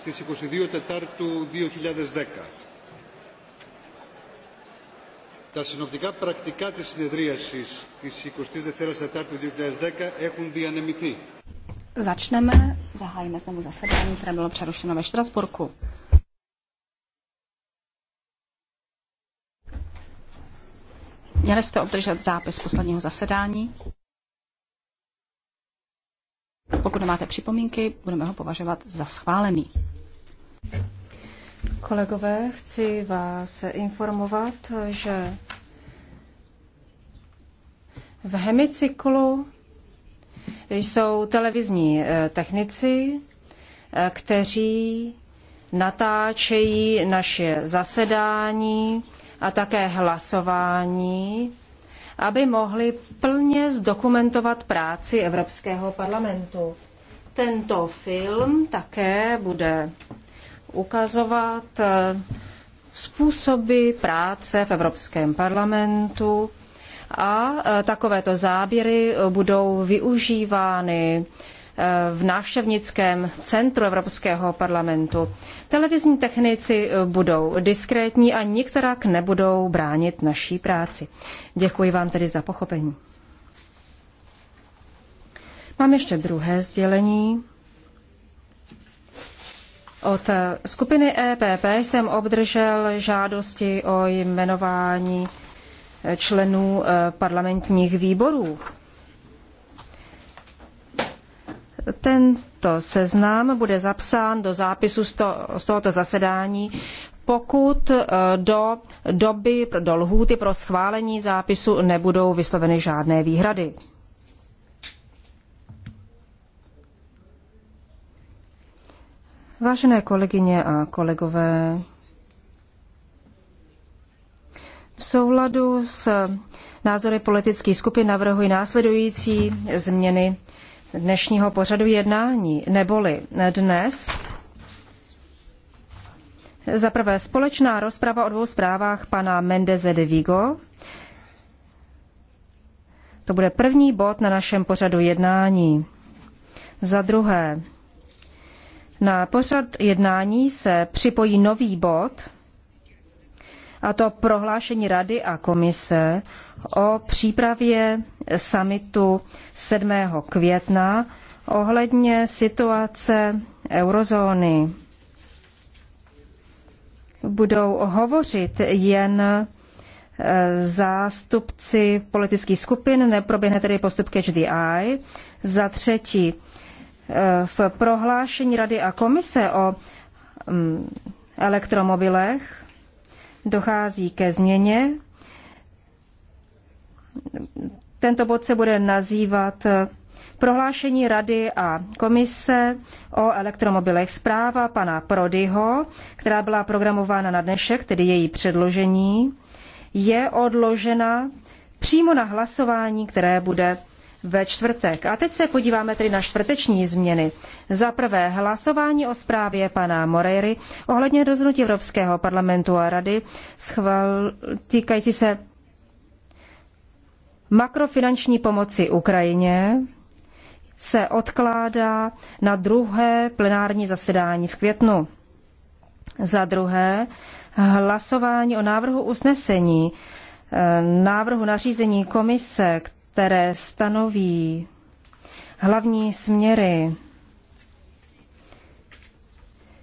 στις 22 Τετάρτου 2010. Τα συνοπτικά πρακτικά της συνεδρίασης της 22 Τετάρτου 2010 έχουν διανεμηθεί. Začneme, zahájíme znovu zasedání, které bylo přerušeno ve Štrasburku. Měli jste obdržet zápis posledního zasedání? Pokud nemáte připomínky, budeme ho považovat za schválený. Kolegové, chci vás informovat, že v hemicyklu jsou televizní eh, technici, eh, kteří natáčejí naše zasedání a také hlasování, aby mohli plně zdokumentovat práci Evropského parlamentu. Tento film také bude ukazovat eh, způsoby práce v Evropském parlamentu a eh, takovéto záběry eh, budou využívány v návštěvnickém centru Evropského parlamentu. Televizní technici budou diskrétní a nikterak nebudou bránit naší práci. Děkuji vám tedy za pochopení. Mám ještě druhé sdělení. Od skupiny EPP jsem obdržel žádosti o jmenování členů eh, parlamentních výborů. Tento seznam bude zapsán do zápisu z, to, z tohoto zasedání, pokud eh, do doby, do lhůty pro schválení zápisu nebudou vysloveny žádné výhrady. Vážené kolegyně a kolegové, v souladu s názory politických skupin navrhuji následující změny dnešního pořadu jednání, neboli dnes za prvé společná rozprava o dvou zprávách pana Mendeze de Vigo. To bude první bod na našem pořadu jednání. Za druhé na pořad jednání se připojí nový bod, a to prohlášení Rady a Komise o přípravě samitu 7. května ohledně situace eurozóny. Budou hovořit jen eh, zástupci politických skupin, neproběhne tedy postup catch the eye. Za třetí, v prohlášení Rady a komise o mm, elektromobilech dochází ke změně. Tento bod se bude nazývat Prohlášení Rady a komise o elektromobilech zpráva pana Prodyho, která byla programována na dnešek, tedy její předložení, je odložena přímo na hlasování, které bude ve čtvrtek. A teď se podíváme tedy na čtvrteční změny. Za prvé hlasování o zprávě pana Moreiry ohledně rozhodnutí Evropského parlamentu a rady schval, týkající se makrofinanční pomoci Ukrajině se odkládá na druhé plenární zasedání v květnu. Za druhé hlasování o návrhu usnesení eh, návrhu nařízení komise, které stanoví hlavní směry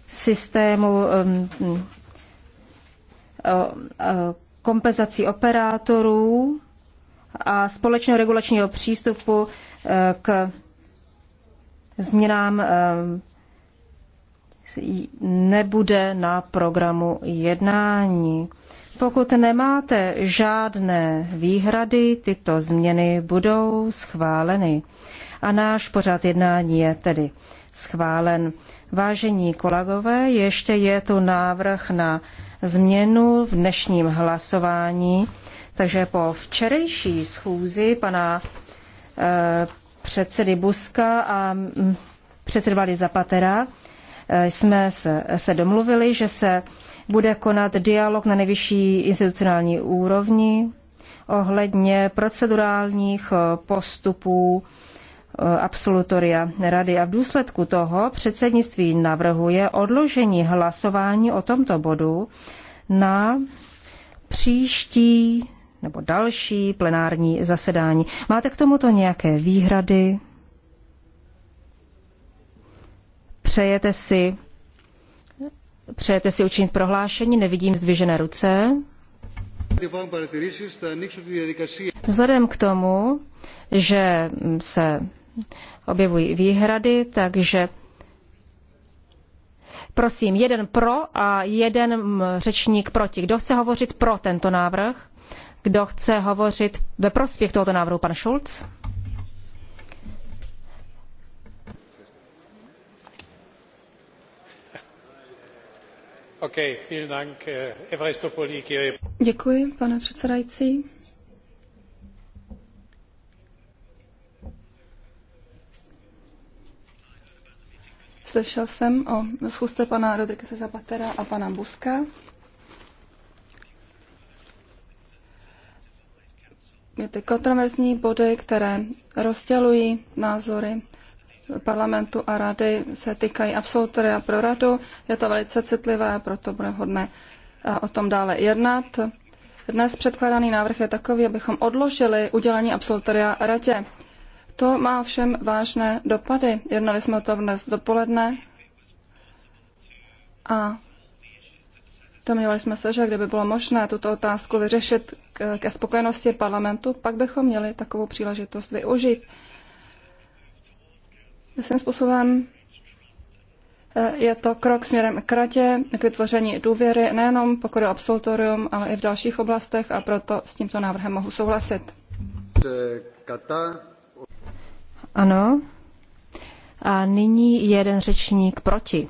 systému um, kompenzací operátorů a společného regulačního přístupu e, k změnám e, nebude na programu jednání. Pokud nemáte žádné výhrady, tyto změny budou schváleny. A náš pořad jednání je tedy schválen. Vážení kolegové, ještě je tu návrh na změnu v dnešním hlasování. Takže po včerejší schůzi pana e, předsedy Buska a mm, předsedy Zapatera e, jsme se, se domluvili, že se bude konat dialog na nejvyšší institucionální úrovni ohledně procedurálních eh, postupů eh, absolutoria rady. A v důsledku toho předsednictví navrhuje odložení hlasování o tomto bodu na příští nebo další plenární zasedání. Máte k tomuto nějaké výhrady? Přejete si Přejete si učinit prohlášení, nevidím zdvižené ruce. Vzhledem k tomu, že se objevují výhrady, takže prosím, jeden pro a jeden řečník proti. Kdo chce hovořit pro tento návrh? Kdo chce hovořit ve prospěch tohoto návrhu? Pan Schulz? Eh, Děkuji, pane předsedající. Slyšel jsem o schůzce pana Rodrigueze Zapatera a pana Buska. Je ty kontroverzní body, které rozdělují názory parlamentu a rady se týkají absolutoria pro radu. Je to velice citlivé, proto bude hodné eh, o tom dále jednat. Dnes předkládaný návrh je takový, abychom odložili udělení absolutoria radě. To má všem vážné dopady. Jednali jsme o tom dnes dopoledne a domnívali jsme se, že kdyby bylo možné tuto otázku vyřešit ke spokojenosti parlamentu, pak bychom měli takovou příležitost využít. Svým způsobem eh, je to krok směrem k radě, k vytvoření důvěry nejenom pokud je absolutorium, ale i v dalších oblastech a proto s tímto návrhem mohu souhlasit. Ano. A nyní jeden řečník proti.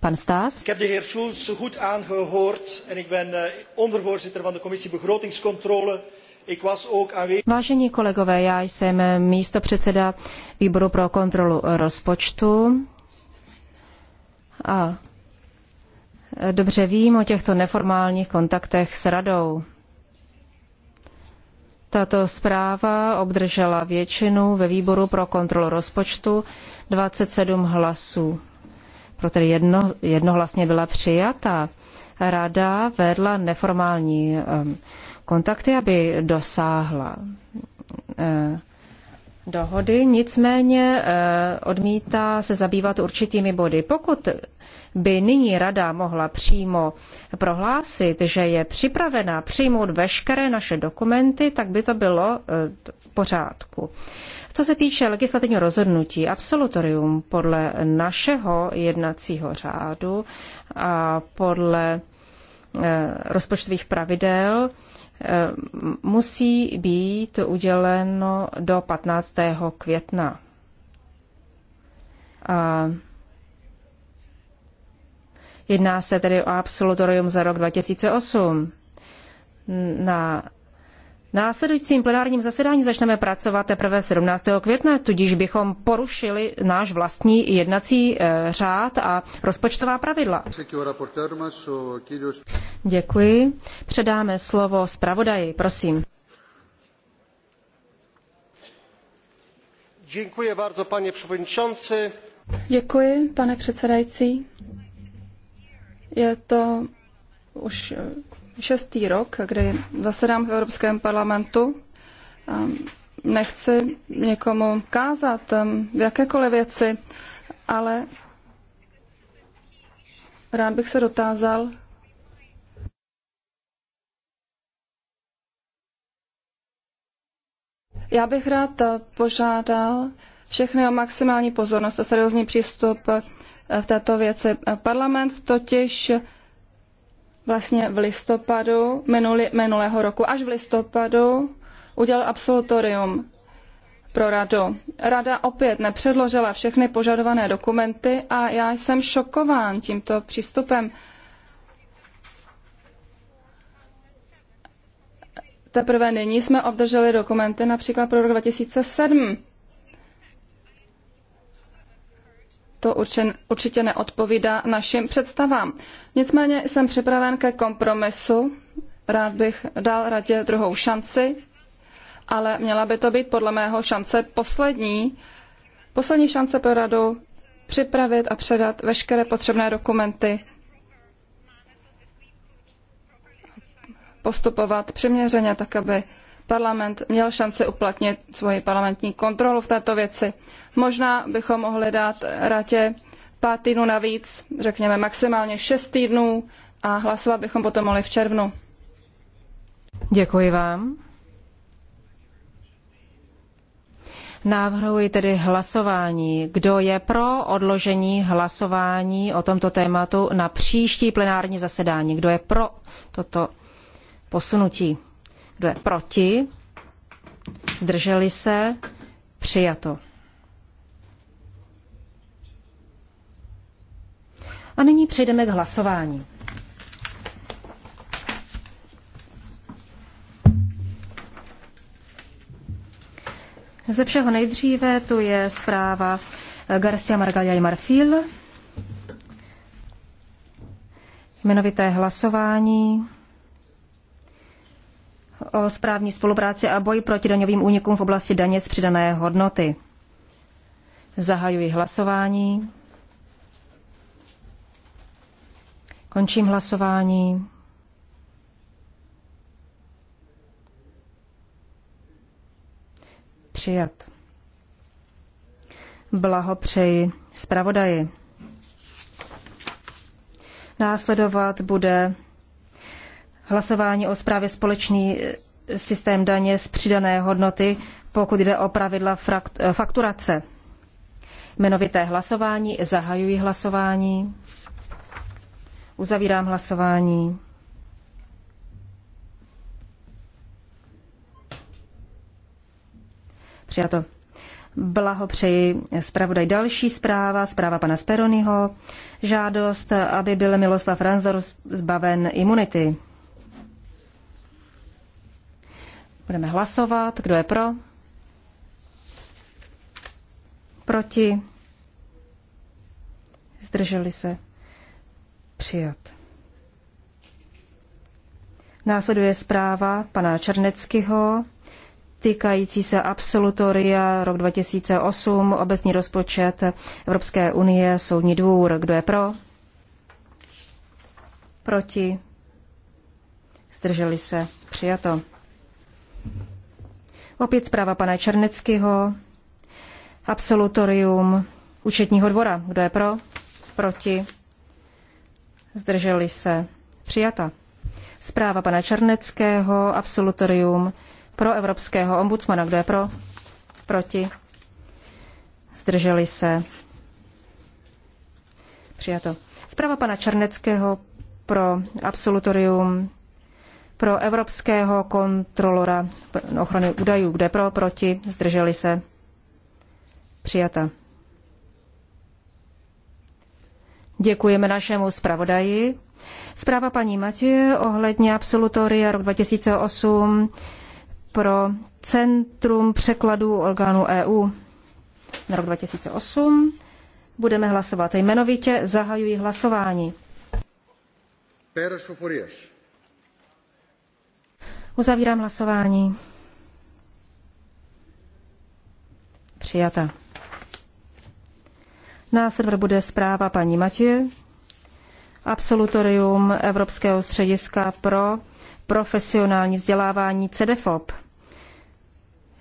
Pan Staes. Ik heb de heer Schulz goed aangehoord en ik ben eh, ondervoorzitter van de commissie begrotingscontrole Vážení kolegové, já jsem místo předseda výboru pro kontrolu rozpočtu a dobře vím o těchto neformálních kontaktech s radou. Tato zpráva obdržela většinu ve výboru pro kontrolu rozpočtu 27 hlasů. Proto jedno, jednohlasně byla přijata. Rada vedla neformální um, kontakty, aby dosáhla eh, dohody, nicméně eh, odmítá se zabývat určitými body. Pokud by nyní rada mohla přímo prohlásit, že je připravena přijmout veškeré naše dokumenty, tak by to bylo eh, v pořádku. Co se týče legislativního rozhodnutí, absolutorium podle našeho jednacího řádu a podle rozpočtových pravidel, Ehm, musí být uděleno do 15. května. A jedná se tedy o absolutorium za rok 2008. Na následujícím plenárním zasedání začneme pracovat teprve 17. května, tudíž bychom porušili náš vlastní jednací eh, řád a rozpočtová pravidla. Děkuji. Předáme slovo zpravodaji, prosím. Děkuji bardzo, pane předsedající. Děkuji, pane předsedající. Je to už eh, šestý rok, kdy zasedám v Evropském parlamentu. Nechci někomu kázat v jakékoliv věci, ale rád bych se dotázal, Já bych rád eh, požádal všechny o maximální pozornost a seriózní přístup eh, v této věci. Parlament totiž vlastně v listopadu minuli, minulého roku, až v listopadu udělal absolutorium pro radu. Rada opět nepředložila všechny požadované dokumenty a já jsem šokován tímto přístupem. Teprve nyní jsme obdrželi dokumenty například pro rok 2007. to určen, určitě neodpovídá našim představám. Nicméně jsem připraven ke kompromisu. Rád bych dal radě druhou šanci, ale měla by to být podle mého šance poslední. Poslední šance pro radu připravit a předat veškeré potřebné dokumenty, postupovat přiměřeně, tak aby parlament měl šanci uplatnit svoji parlamentní kontrolu v této věci. Možná bychom mohli dát ratě pár týdnů navíc, řekněme maximálně šest týdnů a hlasovat bychom potom mohli v červnu. Děkuji vám. Návrhuji tedy hlasování. Kdo je pro odložení hlasování o tomto tématu na příští plenární zasedání? Kdo je pro toto posunutí? Kdo je proti? Zdrželi se? Přijato. A nyní přejdeme k hlasování. Ze všeho nejdříve tu je zpráva Garcia Margalja Marfil. Jmenovité hlasování o správní spolupráci a boji proti daňovým únikům v oblasti daně z přidané hodnoty. Zahajuji hlasování. Končím hlasování. Přijat. Blahopřeji zpravodaji. Následovat bude hlasování o zprávě společný eh, systém daně z přidané hodnoty, pokud jde o pravidla eh, fakturace. Jmenovité hlasování, zahajuji hlasování, uzavírám hlasování. Přijato. Blahopřeji eh, zpravodaj další zpráva, zpráva pana Speronyho, žádost, aby byl Miloslav Ranzor zbaven imunity. Budeme hlasovat. Kdo je pro? Proti? Zdrželi se? Přijat. Následuje zpráva pana Černeckého týkající se absolutoria rok 2008, obecní rozpočet Evropské unie, soudní dvůr. Kdo je pro? Proti? Zdrželi se? Přijato. Opět zpráva pana Černeckého. Absolutorium účetního dvora. Kdo je pro? Proti? Zdrželi se. Přijata. Zpráva pana Černeckého. Absolutorium pro evropského ombudsmana. Kdo je pro? Proti? Zdrželi se. Přijato. Zpráva pana Černeckého pro absolutorium pro evropského kontrolora ochrany údajů, kde pro, proti, zdrželi se, přijata. Děkujeme našemu zpravodaji. Zpráva paní Matěje ohledně absolutoria rok 2008 pro Centrum překladů orgánů EU na rok 2008. Budeme hlasovat jmenovitě. Zahajuji hlasování. Pérez Foforias. Uzavírám hlasování. Přijata. Následovat bude zpráva paní Matěje. Absolutorium Evropského střediska pro profesionální vzdělávání CEDEFOP.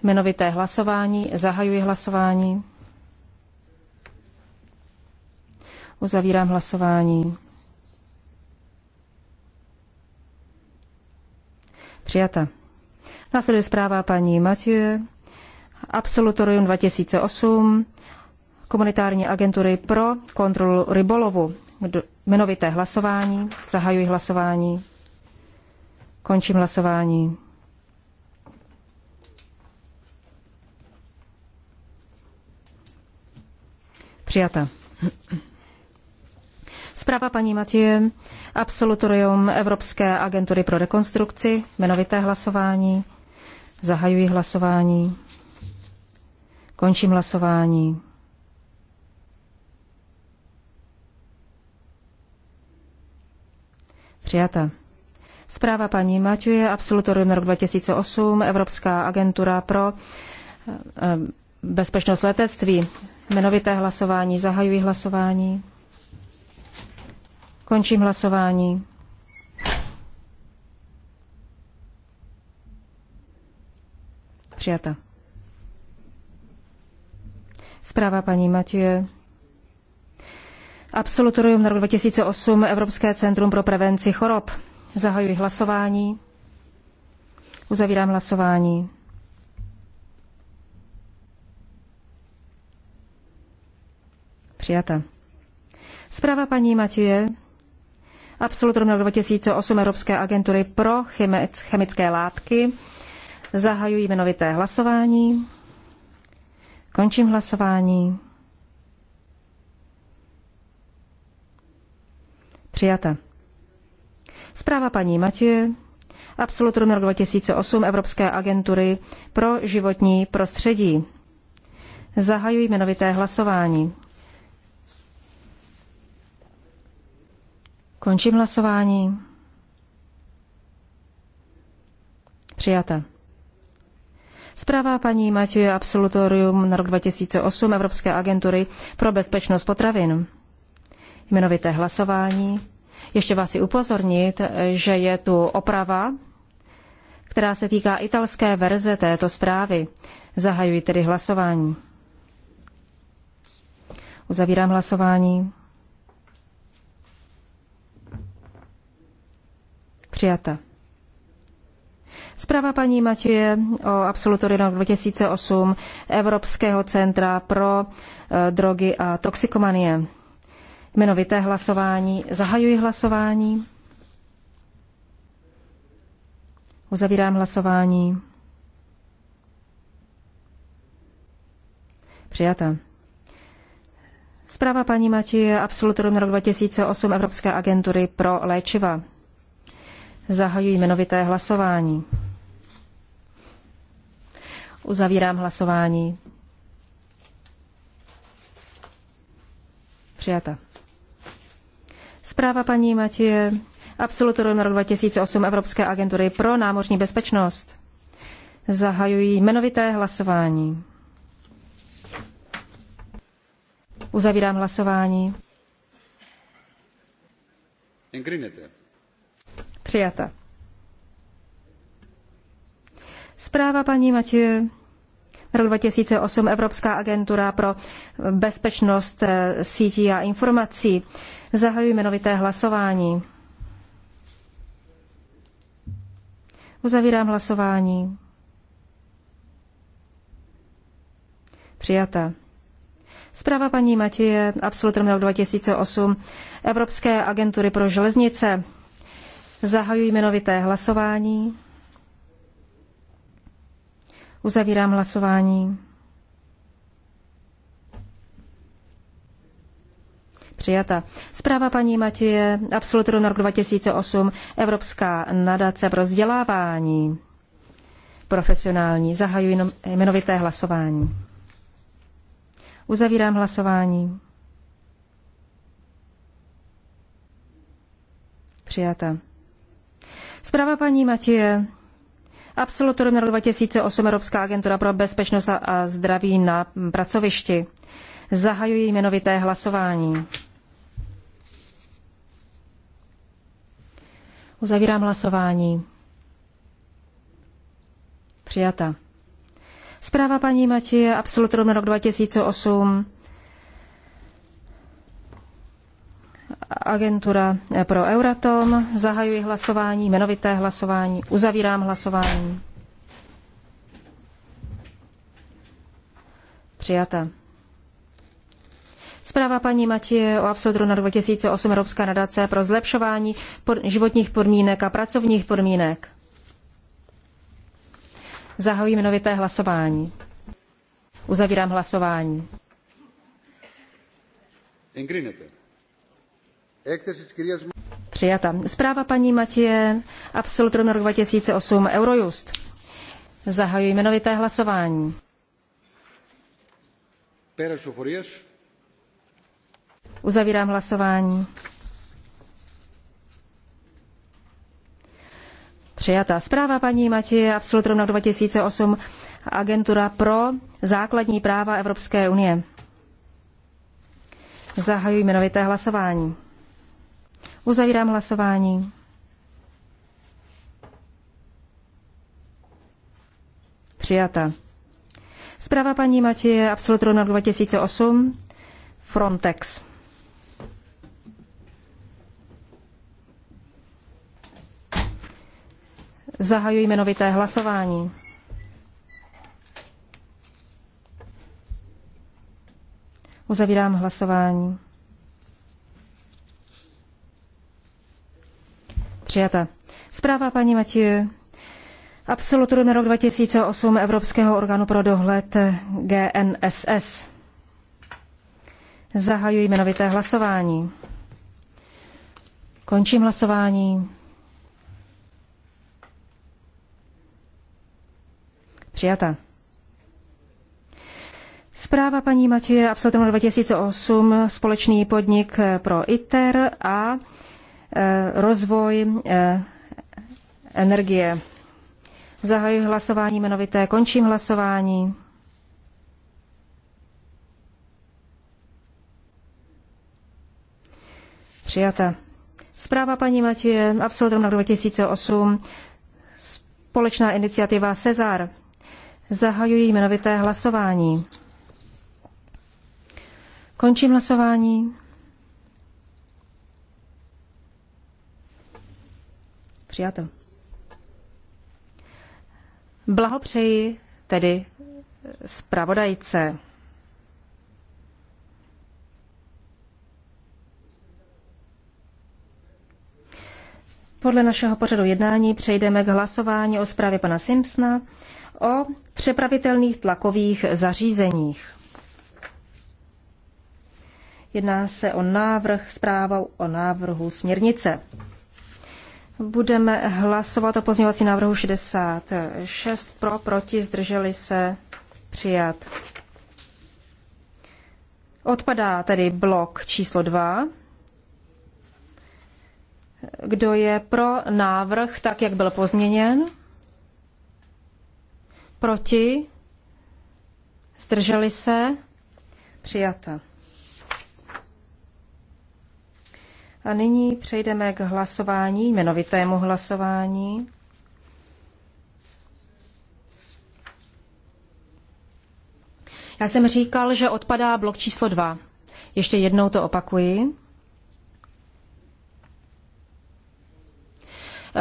Jmenovité hlasování. Zahajuji hlasování. Uzavírám hlasování. Přijata. Následuje zpráva paní Mathieu. Absolutorium 2008. Komunitární agentury pro kontrolu rybolovu. jmenovité hlasování. Zahajuji hlasování. Končím hlasování. Přijata. Zpráva paní Matěje, absolutorium Evropské agentury pro rekonstrukci, jmenovité hlasování. Zahajuji hlasování. Končím hlasování. Přijata. Zpráva paní Matěje, absolutorium rok 2008, Evropská agentura pro eh, eh, bezpečnost letectví. Jmenovité hlasování. Zahajuji hlasování. Končím hlasování. Přijata. Zpráva paní Matěje. Absolutorium na rok 2008 Evropské centrum pro prevenci chorob. Zahajuji hlasování. Uzavírám hlasování. Přijata. Zpráva paní Matěje absolutorium na 2008 Evropské agentury pro chemické látky. Zahajuji jmenovité hlasování. Končím hlasování. Přijata. Zpráva paní Matěje. Absolutorium rok 2008 Evropské agentury pro životní prostředí. Zahajuji jmenovité hlasování. Končím hlasování. Přijata. Zpráva paní Matěje Absolutorium na rok 2008 Evropské agentury pro bezpečnost potravin. Jmenovité hlasování. Ještě vás si upozornit, že je tu oprava, která se týká italské verze této zprávy. Zahajuji tedy hlasování. Uzavírám hlasování. Přijata. Zpráva paní Matěje o absolutoriu 2008 Evropského centra pro eh, drogy a toxikomanie. Jmenovité hlasování. Zahajuji hlasování. Uzavírám hlasování. Přijata. Zpráva paní Matěje absolutorium rok 2008 Evropské agentury pro léčiva. Zahajuji jmenovité hlasování. Uzavírám hlasování. Přijata. Zpráva paní Matěje, absolutorium na rok 2008 Evropské agentury pro námořní bezpečnost. Zahajuji jmenovité hlasování. Uzavírám hlasování. Engrinete. Přijata. Zpráva paní Matěje. Rok 2008 Evropská agentura pro bezpečnost eh, sítí a informací. Zahajuji jmenovité hlasování. Uzavírám hlasování. Přijata. Zpráva paní Matěje, absolutorium rok 2008 Evropské agentury pro železnice. Zahajuji jmenovité hlasování. Uzavírám hlasování. Přijata. Zpráva paní Matěje, absolutoru na rok 2008, Evropská nadace pro vzdělávání profesionální. Zahajuji jmenovité hlasování. Uzavírám hlasování. Přijata. Zpráva paní Matěje. Absolutorium na rok 2008 Evropská agentura pro bezpečnost a zdraví na pracovišti. Zahajuji jmenovité hlasování. Uzavírám hlasování. Přijata. Zpráva paní Matěje, absolutorium na rok 2008, agentura pro Euratom. Zahajuji hlasování, jmenovité hlasování, uzavírám hlasování. Přijata. Zpráva paní Matěje o absolutoru na 2008 Evropská nadace pro zlepšování pod životních podmínek a pracovních podmínek. Zahajuji jmenovité hlasování. Uzavírám hlasování. Ingrinete. Přijata. Zpráva paní Matěje, absolutorum roku 2008, Eurojust. Zahajuji jmenovité hlasování. Uzavírám hlasování. Přijatá zpráva paní Matěje, absolutorum roku 2008, Agentura pro základní práva Evropské unie. Zahajuji jmenovité hlasování. Uzavírám hlasování. Přijata. Zpráva paní Matěje, Absolut na 2008, Frontex. Zahajuji jmenovité hlasování. Uzavírám hlasování. Přijata. Zpráva paní Matěje. Absolutorium rok 2008 Evropského orgánu pro dohled GNSS. Zahajuji jmenovité hlasování. Končím hlasování. Přijata. Zpráva paní Matěje Absolutorium 2008 Společný podnik pro ITER a Eh, rozvoj eh, energie. Zahajuji hlasování jmenovité, končím hlasování. Přijata. Zpráva paní Matěje, absolutum na 2008, společná iniciativa Cezar. Zahajuji jmenovité hlasování. Končím hlasování. Přijato. Blahopřeji tedy zpravodajce. Podle našeho pořadu jednání přejdeme k hlasování o zprávě pana Simpsona o přepravitelných tlakových zařízeních. Jedná se o návrh zprávou o návrhu směrnice. Budeme hlasovat o pozměňovací návrhu 66. Pro, proti, zdrželi se, přijat. Odpadá tedy blok číslo 2. Kdo je pro návrh tak, jak byl pozměněn? Proti? Zdrželi se? Přijata. A nyní přejdeme k hlasování, jmenovitému hlasování. Já jsem říkal, že odpadá blok číslo 2. Ještě jednou to opakuji.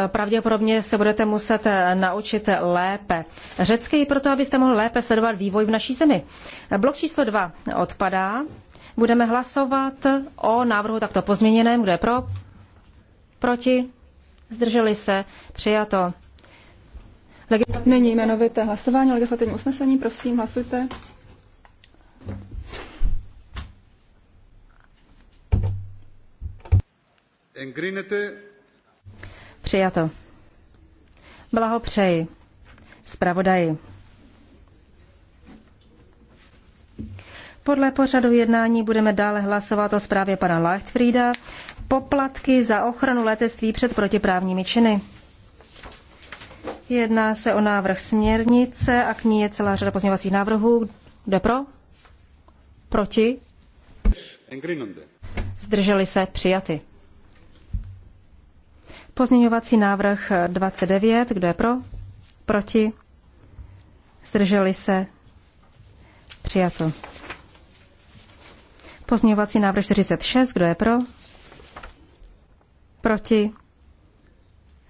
E, pravděpodobně se budete muset e, naučit lépe řecky, proto abyste mohli lépe sledovat vývoj v naší zemi. E, blok číslo 2 odpadá. Budeme hlasovat o návrhu takto pozměněném. Kdo je pro? Proti? Zdrželi se? Přijato. Legislat... Není jmenovité hlasování o legislativním usnesení. Prosím, hlasujte. Engrinete. Přijato. Blahopřeji. Spravodaji. Podle pořadu jednání budeme dále hlasovat o zprávě pana Leichtfrieda poplatky za ochranu letectví před protiprávními činy. Jedná se o návrh směrnice a k ní je celá řada pozměňovacích návrhů. Kdo pro? Proti? Zdrželi se přijaty. Pozměňovací návrh 29. Kdo je pro? Proti? Zdrželi se? Přijato. Pozměňovací návrh 46, kdo je pro? Proti?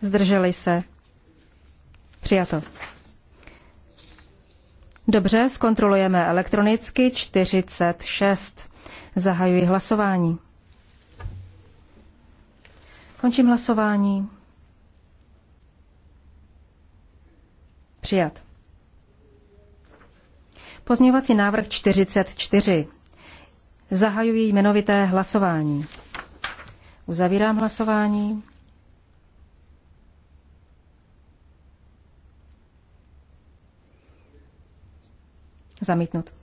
Zdrželi se? Přijato. Dobře, zkontrolujeme elektronicky 46. Zahajuji hlasování. Končím hlasování. Přijat. Pozměňovací návrh 44. Zahajuji jmenovité hlasování. Uzavírám hlasování. Zamítnut.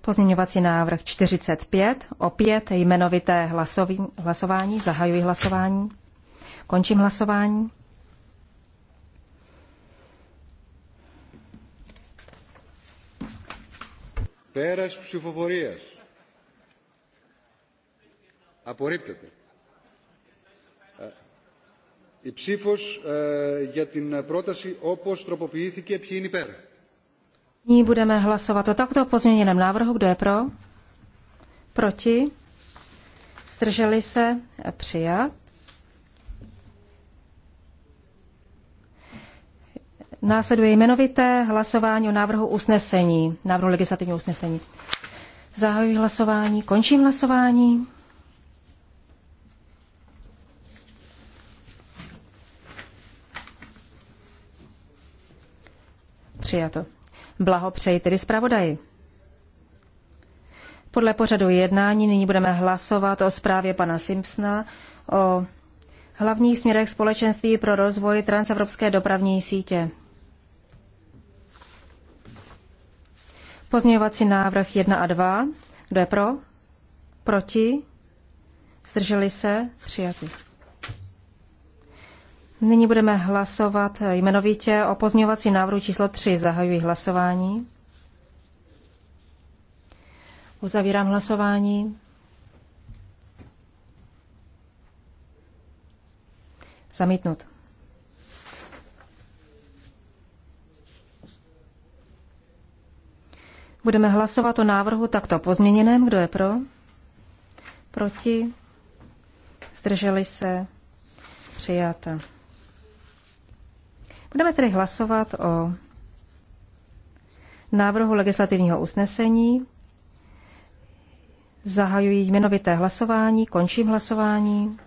Pozměňovací návrh 45, opět jmenovité hlasoví, hlasování, zahajuji hlasování, končím hlasování. Pérez ψηφοφορίας. Απορρίπτεται. Η ψήφος ε, για την πρόταση όπως τροποποιήθηκε, ποιοι είναι υπέρ. Nyní budeme hlasovat o takto pozměněném návrhu. Kdo je pro? Proti? Zdrželi se? Přijat. Následuje jmenovité hlasování o návrhu usnesení, návrhu legislativního usnesení. Zahajuji hlasování, končím hlasování. Přijato. Blahopřeji tedy zpravodaji. Podle pořadu jednání nyní budeme hlasovat o zprávě pana Simpsona o hlavních směrech společenství pro rozvoj transevropské dopravní sítě. Pozměňovací návrh 1 a 2. Kdo je pro? Proti? Zdrželi se? Přijatý. Nyní budeme hlasovat jmenovitě o pozměňovací návrhu číslo 3. Zahajuji hlasování. Uzavírám hlasování. Zamítnut. Budeme hlasovat o návrhu takto pozměněném. Kdo je pro? Proti? Zdrželi se? Přijata. Budeme tedy hlasovat o návrhu legislativního usnesení. Zahajuji jmenovité hlasování, končím hlasování.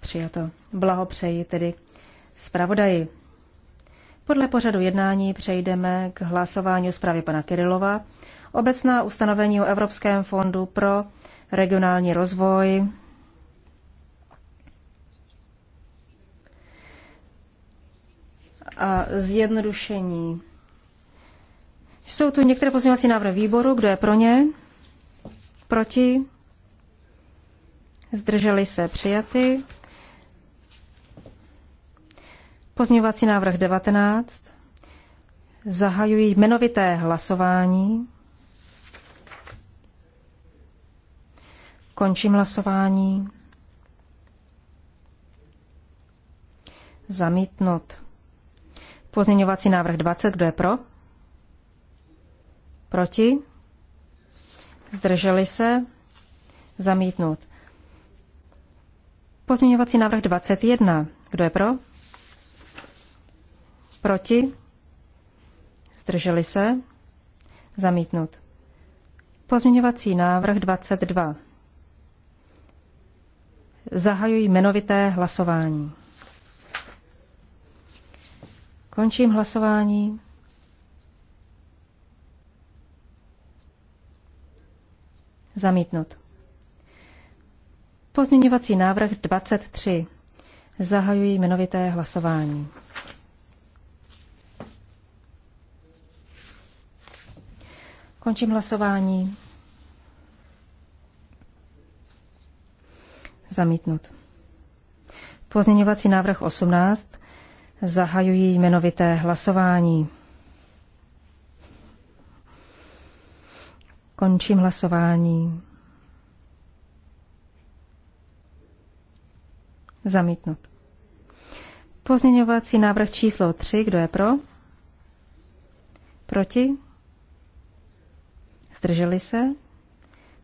Přijato. Blahopřeji tedy zpravodaji. Podle pořadu jednání přejdeme k hlasování o pana Kirilova. Obecná ustanovení o Evropském fondu pro regionální rozvoj a zjednodušení. Jsou tu některé pozměňovací návrhy výboru, kdo je pro ně, proti, zdrželi se přijaty. Pozměňovací návrh 19. Zahajují jmenovité hlasování. Končím hlasování. Zamítnout. Pozměňovací návrh 20, kdo je pro? Proti? Zdrželi se? Zamítnut. Pozměňovací návrh 21. Kdo je pro? Proti? Zdrželi se? Zamítnut. Pozměňovací návrh 22. Zahajuji jmenovité hlasování. Končím hlasování. Zamítnut. Pozměňovací návrh 23. Zahajuji jmenovité hlasování. Končím hlasování. Zamítnut. Pozměňovací návrh 18. Zahajuji jmenovité hlasování. Končím hlasování. Zamítnut. Pozměňovací návrh číslo 3. Kdo je pro? Proti? Zdrželi se?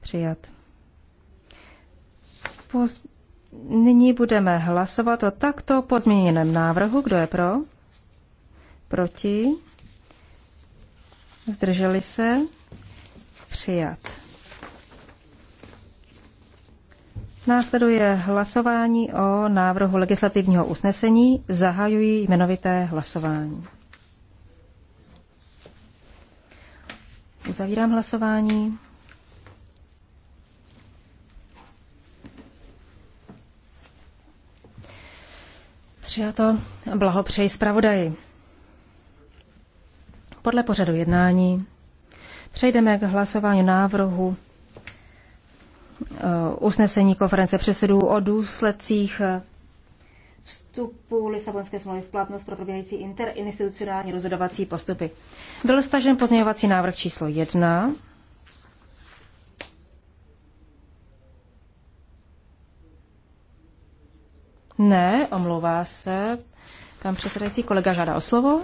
Přijat. Poz... Nyní budeme hlasovat o takto pozměněném návrhu. Kdo je pro? Proti? Zdrželi se? Přijat. Následuje hlasování o návrhu legislativního usnesení. Zahajuji jmenovité hlasování. Uzavírám hlasování. Přijato. Blahopřeji zpravodaji. Podle pořadu jednání přejdeme k hlasování návrhu eh, usnesení konference předsedů o důsledcích eh, vstupu Lisabonské smlouvy v platnost pro probíhající interinstitucionální rozhodovací postupy. Byl stažen pozměňovací návrh číslo 1. Ne, omlouvá se. Pan předsedající kolega žádá o slovo.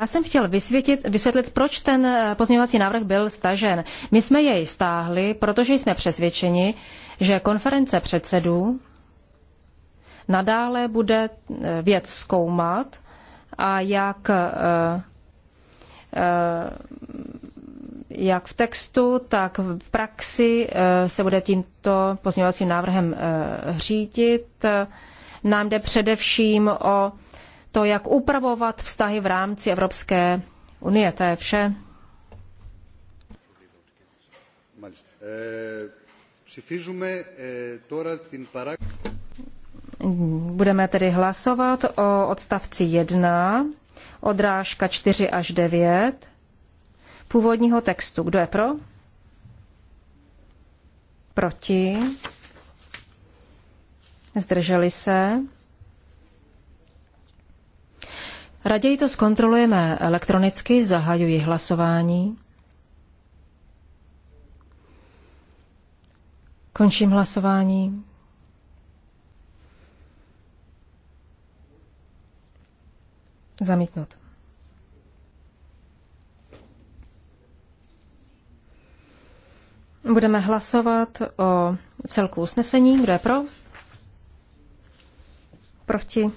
Já jsem chtěl vysvětlit, vysvětlit, proč ten eh, pozměňovací návrh byl stažen. My jsme jej stáhli, protože jsme přesvědčeni, že konference předsedů nadále bude eh, věc zkoumat a jak eh, jak v textu, tak v praxi eh, se bude tímto pozměňovacím návrhem eh, řídit. Nám jde především o to, jak upravovat vztahy v rámci Evropské unie. To je vše. Eh, Budeme tedy hlasovat o odstavci 1, odrážka 4 až 9 původního textu. Kdo je pro? Proti? Zdrželi se? Raději to zkontrolujeme elektronicky, zahajuji hlasování. Končím hlasování. Zamítnut. Budeme hlasovat o celku usnesení. Kdo je pro? Proti?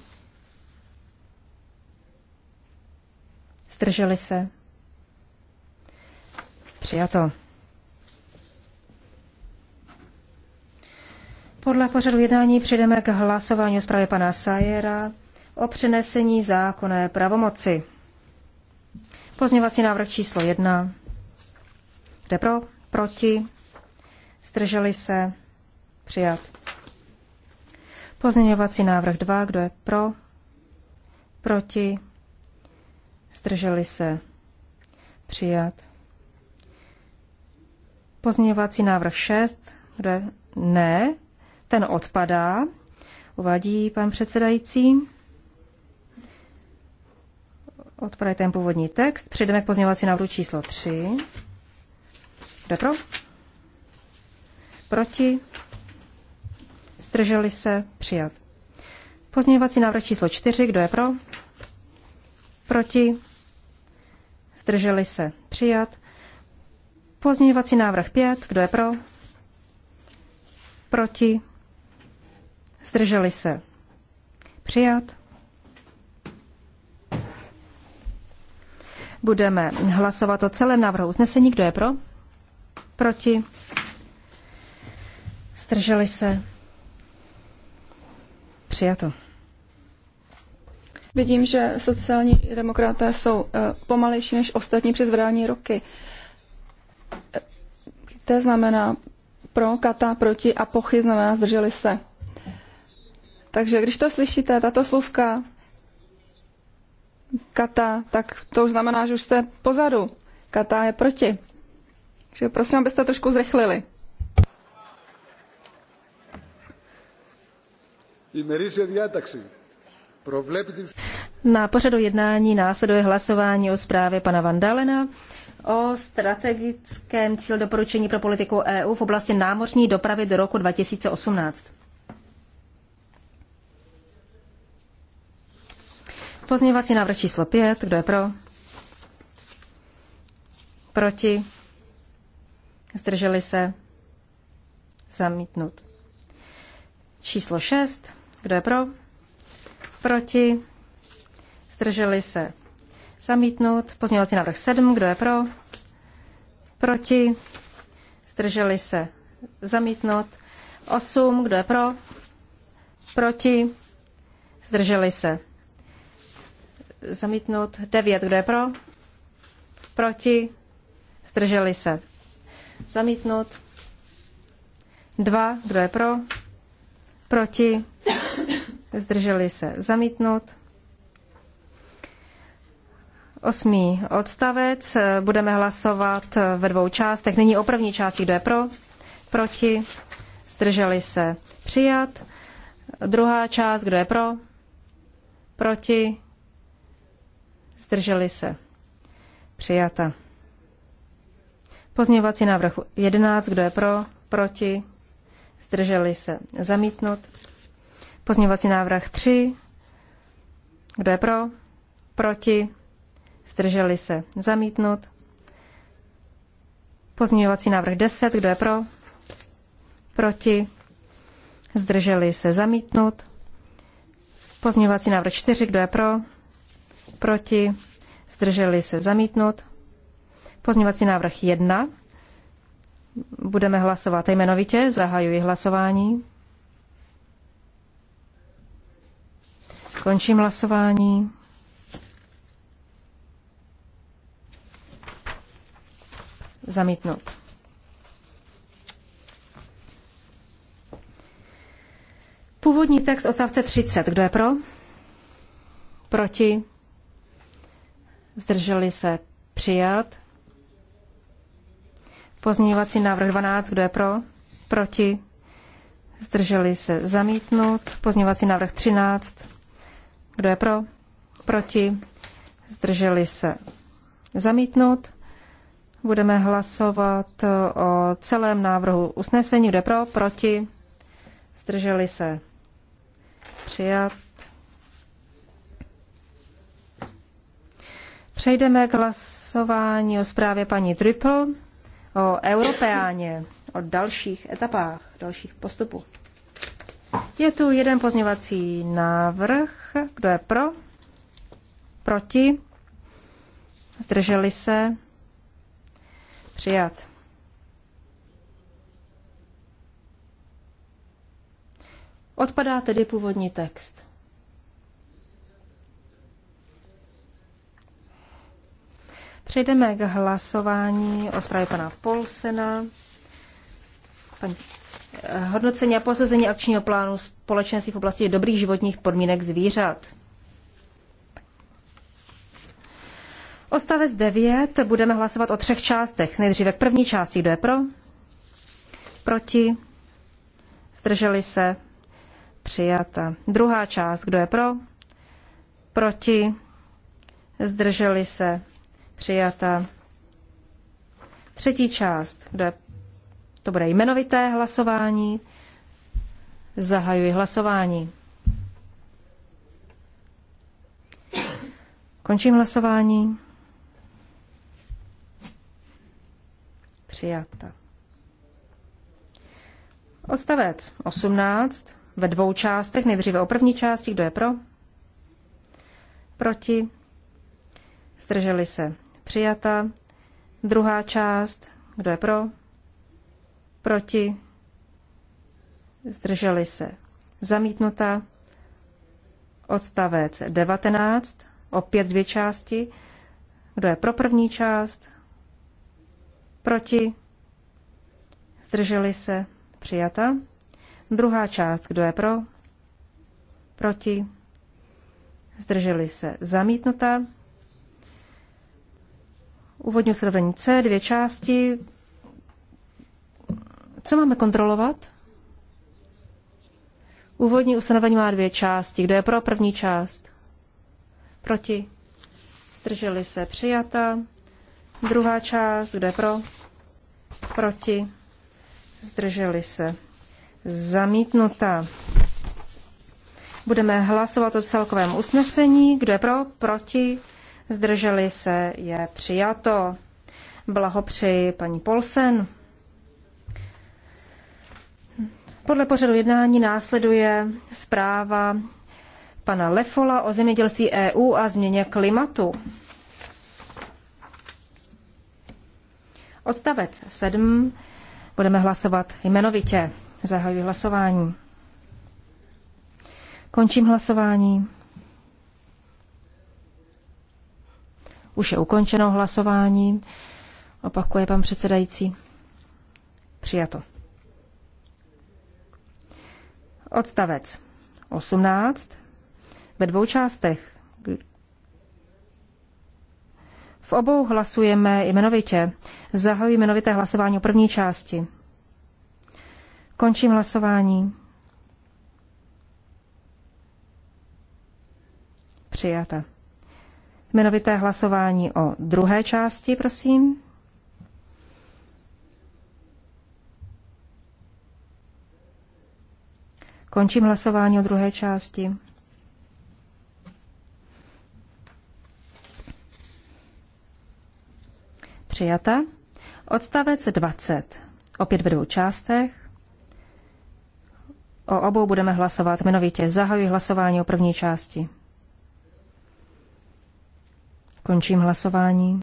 Zdrželi se? Přijato. Podle pořadu jednání přijdeme k hlasování o zprávě pana Sajera o přenesení zákonné pravomoci. Pozněvací návrh číslo jedna? Kde pro? Proti? Zdrželi se? Přijat. Pozměňovací návrh 2. Kdo je pro? Proti? Zdrželi se? Přijat. Pozměňovací návrh 6. Kdo je? Ne. Ten odpadá, uvádí pan předsedající. Odpadá ten původní text. Přejdeme k pozměňovací návrhu číslo 3. Kdo je pro? proti, zdrželi se, přijat. Pozměňovací návrh číslo 4, kdo je pro, proti, zdrželi se, přijat. Pozměňovací návrh 5, kdo je pro, proti, zdrželi se, přijat. Budeme hlasovat o celém návrhu usnesení. Kdo je pro? Proti? Zdrželi se? Přijato. Vidím, že sociální demokraté jsou eh, pomalejší než ostatní při zvedání roky. Eh, to znamená pro, kata, proti a pochy znamená zdrželi se. Takže když to slyšíte, tato slůvka kata, tak to už znamená, že už jste pozadu. Kata je proti. Takže prosím, abyste trošku zrychlili. Na pořadu jednání následuje hlasování o zprávě pana Vandalena o strategickém cíl doporučení pro politiku EU v oblasti námořní dopravy do roku 2018. Pozměňovací návrh číslo 5. Kdo je pro? Proti? Zdrželi se? Zamítnut. Číslo 6. Kdo je pro? Proti? Zdrželi se? Zamítnout. Pozměňovací návrh 7. Kdo je pro? Proti? Zdrželi se? Zamítnout. 8. Kdo je pro? Proti? Zdrželi se? Zamítnout. 9. Kdo je pro? Proti? Zdrželi se? Zamítnout. 2. Kdo je pro? proti, zdrželi se zamítnout. Osmý odstavec, budeme hlasovat ve dvou částech. Nyní o první části, kdo je pro, proti, zdrželi se přijat. Druhá část, kdo je pro, proti, zdrželi se přijata. Pozměňovací návrh 11, kdo je pro, proti, zdrželi se zamítnut. Pozměňovací návrh 3, kdo je pro, proti, zdrželi se zamítnut. Pozměňovací návrh 10, kdo je pro, proti, zdrželi se zamítnut. Pozměňovací návrh 4, kdo je pro, proti, zdrželi se zamítnut. Pozměňovací návrh 1, Budeme hlasovat jmenovitě, zahajuji hlasování. Končím hlasování. Zamítnout. Původní text odstavce 30. Kdo je pro? Proti? Zdrželi se přijat. Pozměňovací návrh 12, kdo je pro? Proti? Zdrželi se zamítnout. Pozměňovací návrh 13, kdo je pro? Proti? Zdrželi se zamítnout. Budeme hlasovat o celém návrhu usnesení. Kdo je pro? Proti? Zdrželi se přijat. Přejdeme k hlasování o zprávě paní Triple o Europeáně, o dalších etapách, dalších postupů. Je tu jeden pozněvací návrh. Kdo je pro? Proti? Zdrželi se? Přijat. Odpadá tedy původní text. Přejdeme k hlasování o zprávě pana Polsena. Pan, eh, hodnocení a posazení akčního plánu společenství v oblasti dobrých životních podmínek zvířat. Ostavec 9 budeme hlasovat o třech částech. Nejdříve k první části. Kdo je pro? Proti? Zdrželi se? Přijata. Druhá část. Kdo je pro? Proti? Zdrželi se? Přijata. Třetí část, kde to bude jmenovité hlasování. Zahajuji hlasování. Končím hlasování. Přijata. Odstavec 18 ve dvou částech. Nejdříve o první části. Kdo je pro? Proti? Zdrželi se. Přijata. Druhá část. Kdo je pro? Proti? Zdrželi se. Zamítnuta. Odstavec 19. Opět dvě části. Kdo je pro první část? Proti? Zdrželi se. Přijata. Druhá část. Kdo je pro? Proti? Zdrželi se. Zamítnuta. Úvodní ustanovení C, dvě části. Co máme kontrolovat? Úvodní ustanovení má dvě části. Kdo je pro první část? Proti? Zdrželi se přijata. Druhá část, kdo je pro? Proti? Zdrželi se. Zamítnuta. Budeme hlasovat o celkovém usnesení. Kdo je pro? Proti? zdrželi se, je přijato. Blahopřeji paní Polsen. Podle pořadu jednání následuje zpráva pana Lefola o zemědělství EU a změně klimatu. Odstavec 7. Budeme hlasovat jmenovitě. Zahajuji hlasování. Končím hlasování. Už je ukončeno hlasování. Opakuje pan předsedající. Přijato. Odstavec 18 ve dvou částech. V obou hlasujeme jmenovitě. Zahajuji jmenovité hlasování o první části. Končím hlasování. Přijata. Jmenovité hlasování o druhé části, prosím. Končím hlasování o druhé části. Přijata. Odstavec 20. Opět ve dvou částech. O obou budeme hlasovat jmenovitě. Zahajuji hlasování o první části. Končím hlasování.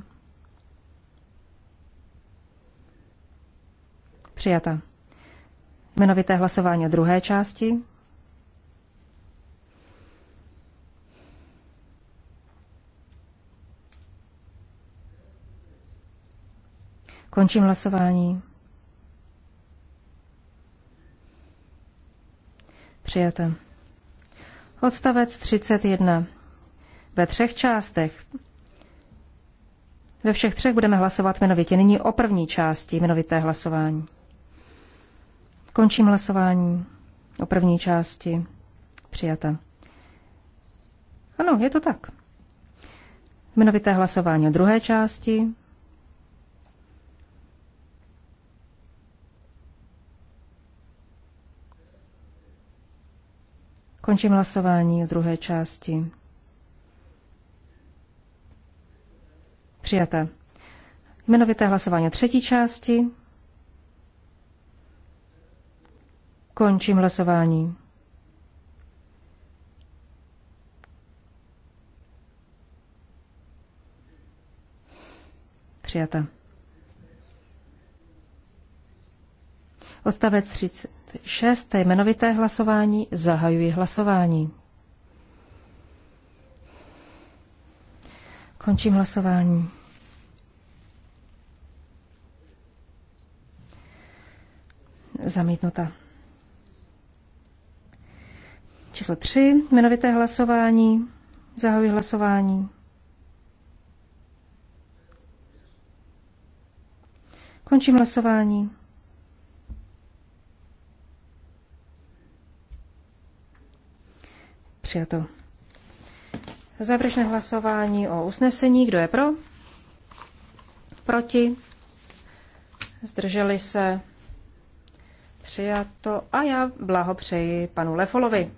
Přijata. Jmenovité hlasování o druhé části. Končím hlasování. Přijete. Odstavec 31. Ve třech částech. Ve všech třech budeme hlasovat jmenovitě. Nyní o první části jmenovité hlasování. Končím hlasování o první části. Přijata. Ano, je to tak. Jmenovité hlasování o druhé části. Končím hlasování o druhé části. přijaté. Jmenovité hlasování třetí části. Končím hlasování. Přijaté. Odstavec 36. Jmenovité hlasování. Zahajuji hlasování. Končím hlasování. Zamítnuta. Číslo 3. Jmenovité hlasování. Zahajuji hlasování. Končím hlasování. Přijato. Závěrečné hlasování o usnesení. Kdo je pro? Proti? Zdrželi se? Přijato. A já blahopřeji panu Lefolovi.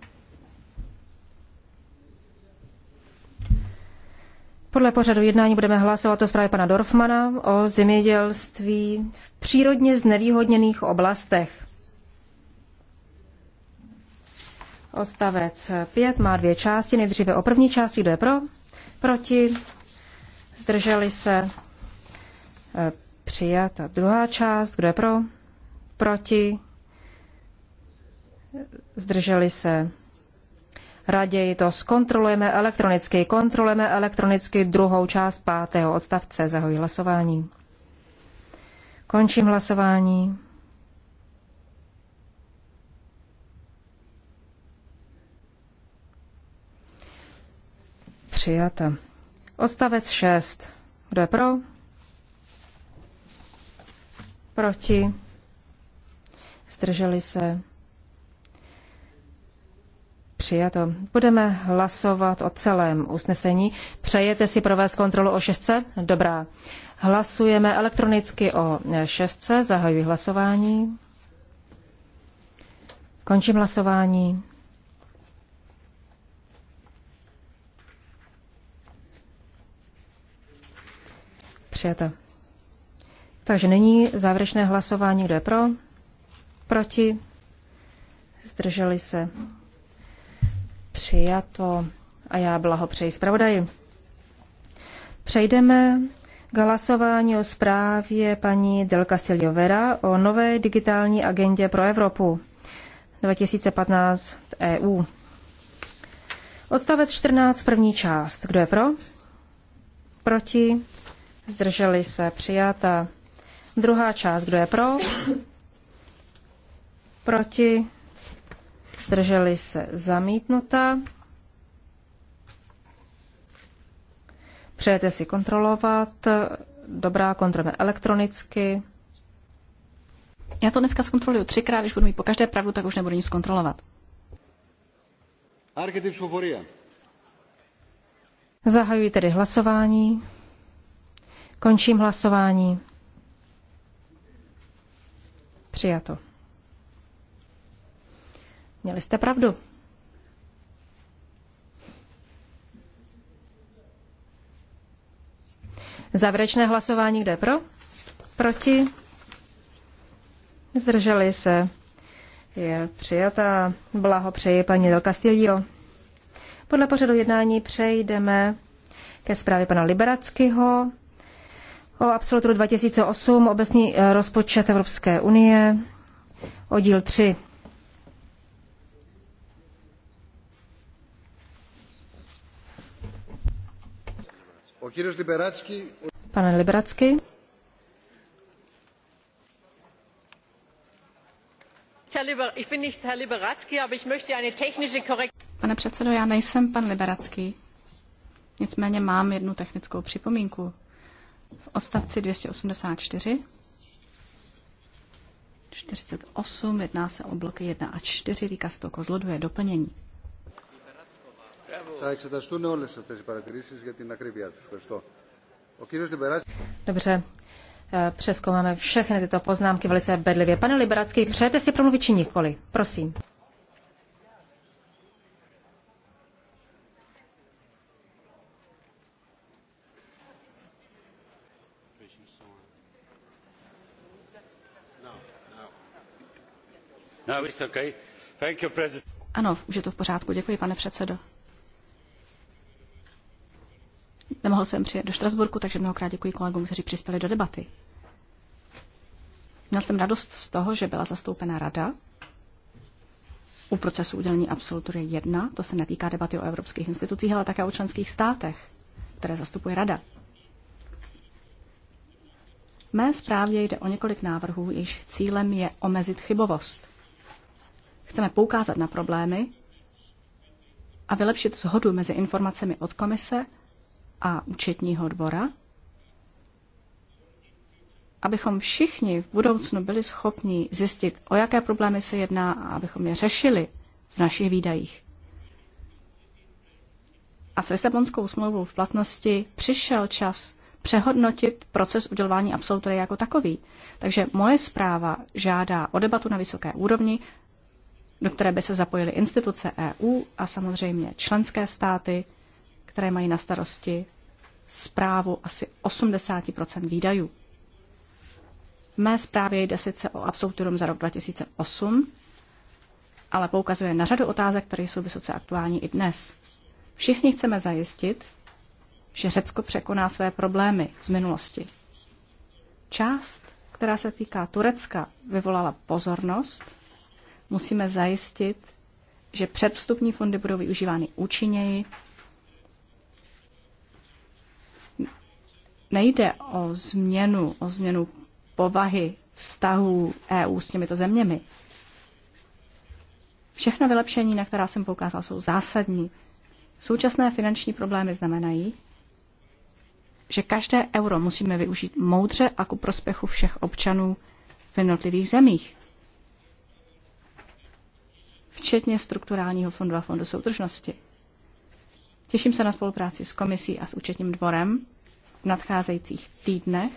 Podle pořadu jednání budeme hlasovat o zprávě pana Dorfmana o zemědělství v přírodně znevýhodněných oblastech. Odstavec 5 má dvě části. Nejdříve o první části, kdo je pro, proti, zdrželi se, e, přijata. Druhá část, kdo je pro, proti, zdrželi se. Raději to zkontrolujeme elektronicky. Kontrolujeme elektronicky druhou část pátého odstavce. Zahoji hlasování. Končím hlasování. Přijata. Odstavec 6. Kdo je pro? Proti? Zdrželi se? Přijato. Budeme hlasovat o celém usnesení. Přejete si provést kontrolu o šestce? Dobrá. Hlasujeme elektronicky o šestce. Zahajuji hlasování. Končím hlasování. přijata. Takže nyní závěrečné hlasování, kdo je pro, proti, zdrželi se, přijato a já blahopřeji zpravodaji. Přejdeme k hlasování o zprávě paní Del Castillo Vera o nové digitální agendě pro Evropu 2015 EU. Odstavec 14, první část. Kdo je pro? Proti? zdrželi se, přijata. Druhá část, kdo je pro, proti, zdrželi se, zamítnuta. Přejete si kontrolovat, dobrá, kontrolujeme elektronicky. Já to dneska zkontroluju třikrát, když budu mít po každé pravdu, tak už nebudu nic kontrolovat. Zahajuji tedy hlasování. Končím hlasování. Přijato. Měli jste pravdu. Závěrečné hlasování kde pro? Proti? Zdrželi se. Je přijatá. Blahopřeji paní Del Castillo. Podle pořadu jednání přejdeme ke zprávě pana Liberackého o absolutoru 2008, obecný eh, rozpočet Evropské unie, oddíl 3. Pane Liberacky. Pane předsedo, já nejsem pan Liberacký. Nicméně mám jednu technickou připomínku v odstavci 284. 48, jedná se o bloky 1 a 4, týká se to kozlodu, jako je doplnění. Dobře, přeskoumáme všechny tyto poznámky velice bedlivě. Pane Liberacký, přejete si promluvit či nikoli? Prosím. No, ano, už je to v pořádku. Děkuji, pane předsedo. Nemohl jsem přijet do Štrasburku, takže mnohokrát děkuji kolegům, kteří přispěli do debaty. Měl jsem radost z toho, že byla zastoupena rada u procesu udělení absolutory 1. To se netýká debaty o evropských institucích, ale také o členských státech, které zastupuje rada. V mé zprávě jde o několik návrhů, jejichž cílem je omezit chybovost. Chceme poukázat na problémy a vylepšit shodu mezi informacemi od komise a účetního dvora, abychom všichni v budoucnu byli schopni zjistit, o jaké problémy se jedná a abychom je řešili v našich výdajích. A s Lisabonskou smlouvou v platnosti přišel čas přehodnotit proces udělování absolutoria jako takový. Takže moje zpráva žádá o debatu na vysoké úrovni do které by se zapojily instituce EU a samozřejmě členské státy, které mají na starosti zprávu asi 80 výdajů. V mé zprávě jde sice o absolutorum za rok 2008, ale poukazuje na řadu otázek, které jsou vysoce aktuální i dnes. Všichni chceme zajistit, že Řecko překoná své problémy z minulosti. Část, která se týká Turecka, vyvolala pozornost musíme zajistit, že předvstupní fondy budou využívány účinněji. Nejde o změnu, o změnu povahy vztahů EU s těmito zeměmi. Všechna vylepšení, na která jsem poukázal, jsou zásadní. Současné finanční problémy znamenají, že každé euro musíme využít moudře a ku prospěchu všech občanů v jednotlivých zemích včetně strukturálního fondu a fondu soudržnosti. Těším se na spolupráci s komisí a s účetním dvorem v nadcházejících týdnech,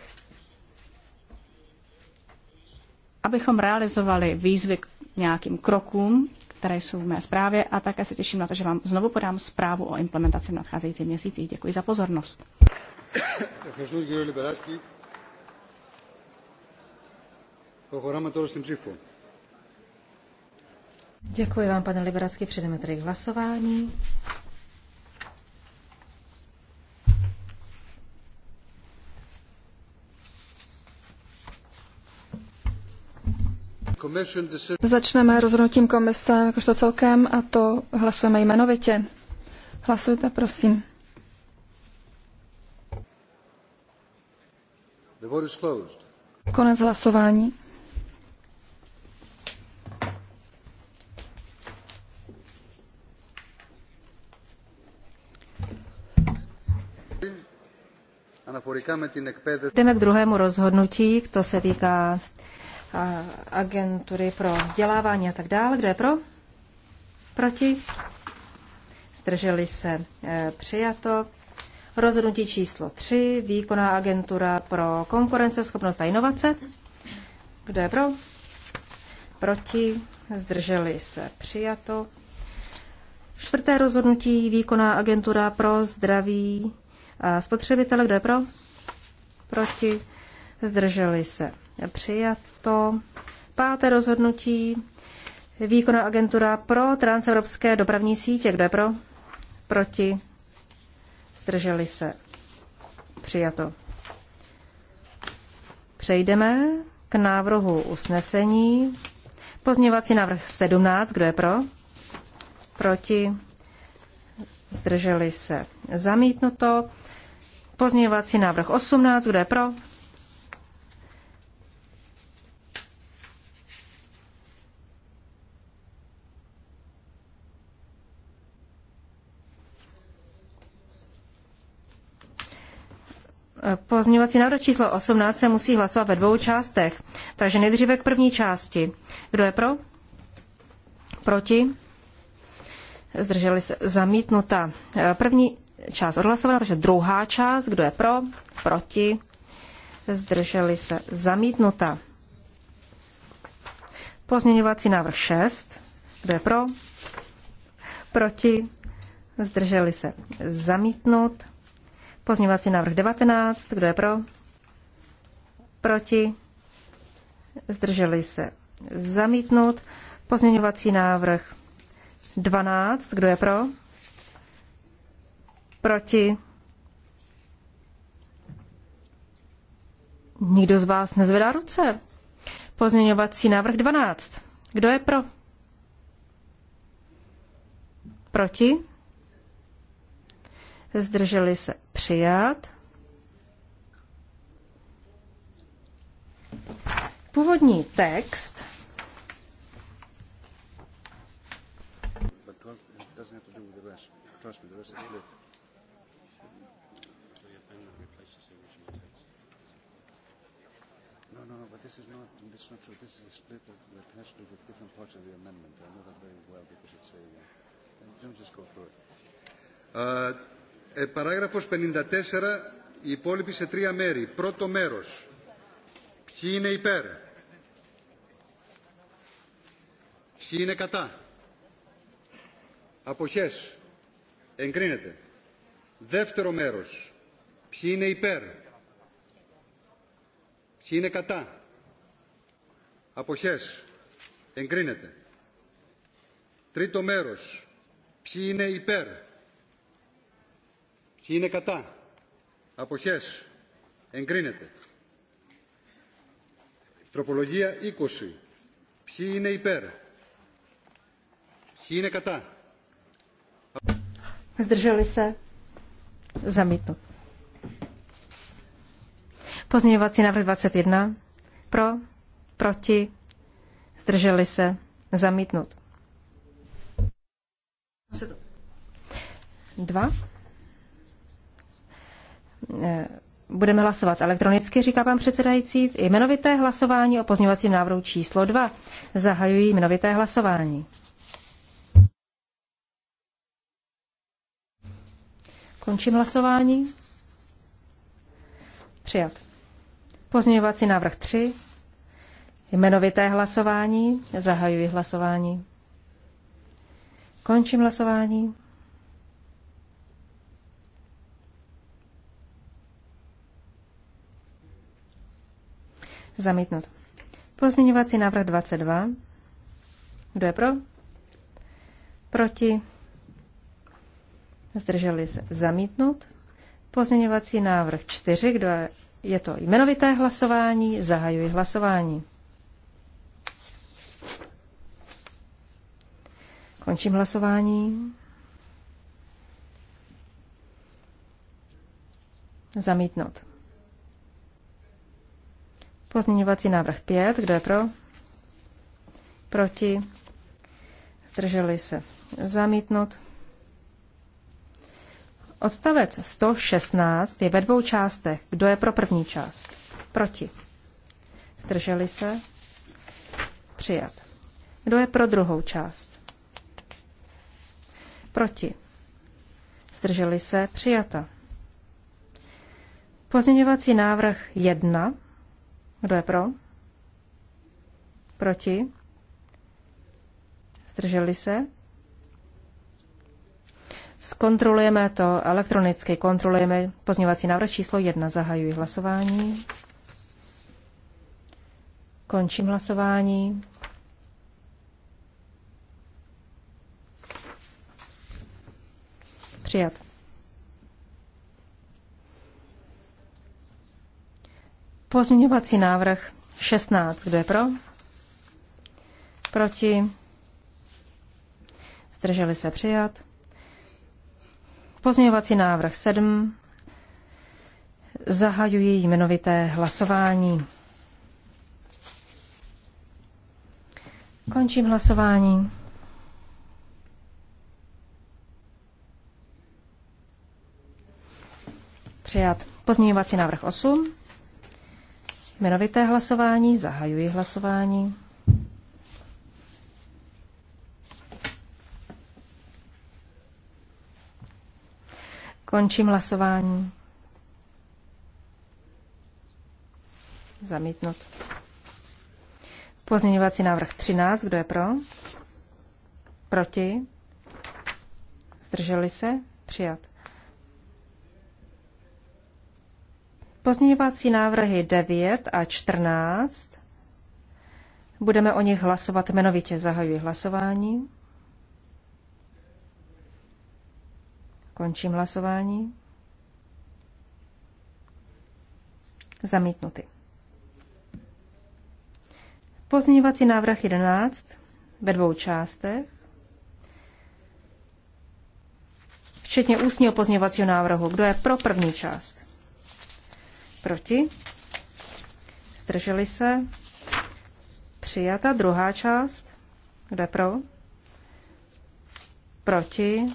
abychom realizovali výzvy k nějakým krokům, které jsou v mé zprávě a také se těším na to, že vám znovu podám zprávu o implementaci v nadcházejících měsících. Děkuji za pozornost. Προχωράμε τώρα στην ψήφο. Děkuji vám, pane Liberacký. Přejdeme tedy k hlasování. Začneme rozhodnutím komise jakožto celkem a to hlasujeme jmenovitě. Hlasujte, prosím. Konec hlasování. Jdeme k druhému rozhodnutí, to se týká agentury pro vzdělávání a tak dále. Kdo je pro? Proti? Zdrželi se e, přijato. Rozhodnutí číslo 3, výkonná agentura pro konkurenceschopnost a inovace. Kdo je pro? Proti? Zdrželi se přijato. Čtvrté rozhodnutí, výkonná agentura pro zdraví spotřebitele, kdo je pro? Proti? Zdrželi se. Přijato. Páté rozhodnutí. Výkonná agentura pro transevropské dopravní sítě. Kdo je pro? Proti? Zdrželi se. Přijato. Přejdeme k návrhu usnesení. Pozměňovací návrh 17. Kdo je pro? Proti? zdrželi se zamítnuto. Pozměňovací návrh 18, kdo je pro? Pozměňovací návrh číslo 18 se musí hlasovat ve dvou částech. Takže nejdříve k první části. Kdo je pro? Proti? zdrželi se zamítnuta. E, první část odhlasovaná, takže druhá část, kdo je pro, proti, zdrželi se zamítnuta. Pozměňovací návrh 6, kdo je pro, proti, zdrželi se zamítnut. Pozměňovací návrh 19, kdo je pro, proti, zdrželi se zamítnut. Pozměňovací návrh 12. Kdo je pro? Proti? Nikdo z vás nezvedá ruce. Pozměňovací návrh 12. Kdo je pro? Proti? Zdrželi se přijat. Původní text attachment, the rest of So no, replaces the original text. No, no, but this is not, this is not true. This is a split that has to do with different parts of the amendment. I know that very well because it's a... Uh, let me just go through it. Uh, ε, παράγραφος 54, η υπόλοιπη σε τρία μέρη. Πρώτο μέρος. Ποιοι είναι υπέρ. Ποιοι είναι κατά. Αποχές εγκρίνεται. Δεύτερο μέρος. Ποιοι είναι υπέρ. Ποιοι είναι κατά. Αποχές. Εγκρίνεται. Τρίτο μέρος. Ποιοι είναι υπέρ. Ποιοι είναι κατά. Αποχές. Εγκρίνεται. Τροπολογία 20. Ποιοι είναι υπέρ. Ποιοι είναι κατά. Zdrželi se? Zamítnut. Pozměňovací návrh 21. Pro? Proti? Zdrželi se? Zamítnut. Dva. E, budeme hlasovat elektronicky, říká pan předsedající. Jmenovité hlasování o pozměňovacím návrhu číslo 2. Zahajuji jmenovité hlasování. Končím hlasování. Přijat. Pozměňovací návrh 3. Jmenovité hlasování. Zahajuji hlasování. Končím hlasování. Zamítnut. Pozměňovací návrh 22. Kdo je pro? Proti? zdrželi se zamítnout Pozměňovací návrh 4, kdo je, je to jmenovité hlasování, zahajuji hlasování. Končím hlasování. Zamítnout. Pozměňovací návrh 5. Kdo je pro? Proti? Zdrželi se. Zamítnout. Odstavec 116 je ve dvou částech. Kdo je pro první část? Proti. Zdrželi se? Přijat. Kdo je pro druhou část? Proti. Zdrželi se? Přijata. Pozměňovací návrh 1. Kdo je pro? Proti. Zdrželi se? Zkontrolujeme to elektronicky, kontrolujeme pozměňovací návrh číslo 1. Zahajuji hlasování. Končím hlasování. Přijat. Pozměňovací návrh 16. Kdo je pro? Proti? Zdrželi se přijat. Pozměňovací návrh 7. Zahajuji jmenovité hlasování. Končím hlasování. Přijat pozměňovací návrh 8. Jmenovité hlasování. Zahajuji hlasování. Končím hlasování. Zamítnut. Pozměňovací návrh 13. Kdo je pro? Proti? Zdrželi se? Přijat. Pozměňovací návrhy 9 a 14. Budeme o nich hlasovat jmenovitě. Zahajuji hlasování. Končím hlasování. Zamítnuty. Pozměňovací návrh 11 ve dvou částech, včetně ústního pozměňovacího návrhu. Kdo je pro první část? Proti? Zdrželi se? Přijata druhá část? Kdo je pro? Proti?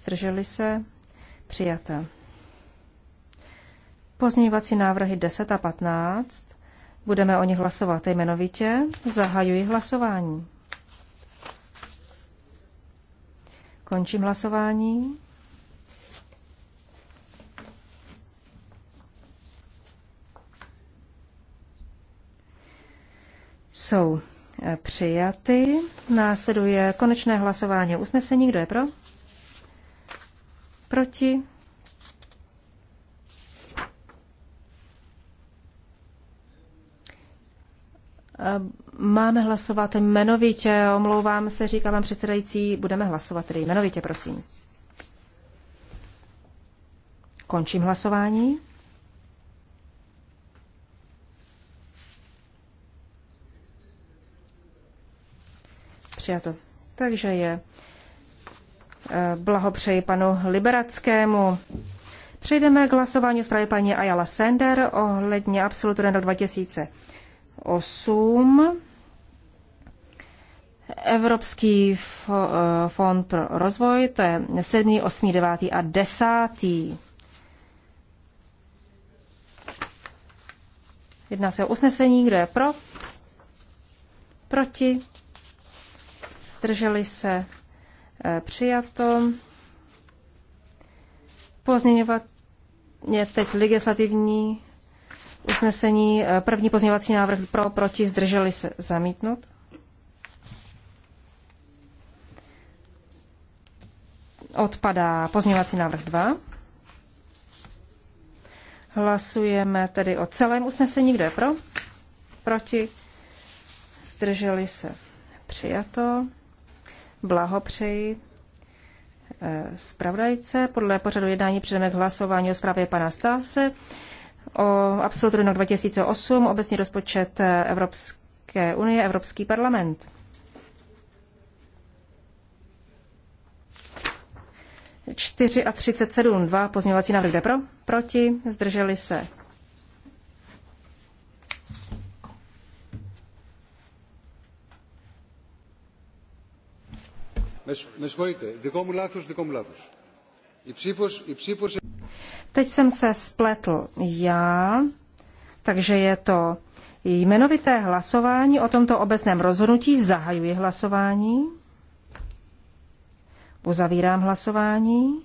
Zdrželi se? Přijaté. Pozměňovací návrhy 10 a 15. Budeme o nich hlasovat jmenovitě. Zahajuji hlasování. Končím hlasování. Jsou eh, přijaty. Následuje konečné hlasování usnesení. Kdo je pro? Proti? Eh, máme hlasovat jmenovitě, omlouvám se, říká vám předsedající, budeme hlasovat tedy jmenovitě, prosím. Končím hlasování. Přijato. Takže je Eh, blahopřeji panu Liberackému. Přejdeme k hlasování zprávy paní Ayala Sender ohledně absolutoria rok 2008. Evropský eh, fond pro rozvoj, to je 7., 8., 9. a 10. Jedná se o usnesení, kdo je pro, proti, zdrželi se Eh, přijato. Pozměňovat je teď legislativní usnesení. Eh, první pozměňovací návrh pro, proti, zdrželi se zamítnout. Odpadá pozměňovací návrh 2. Hlasujeme tedy o celém usnesení. Kdo je pro? Proti? Zdrželi se. Přijato. Blahopřeji eh, zpravodajce. Podle pořadu jednání přijdeme k hlasování o zprávě pana Stase o rok 2008, obecní rozpočet eh, Evropské unie, Evropský parlament. Čtyři a 37, dva pozměňovací návrh pro, proti, zdrželi se Teď jsem se spletl já, takže je to jmenovité hlasování o tomto obecném rozhodnutí. Zahajuji hlasování. Uzavírám hlasování.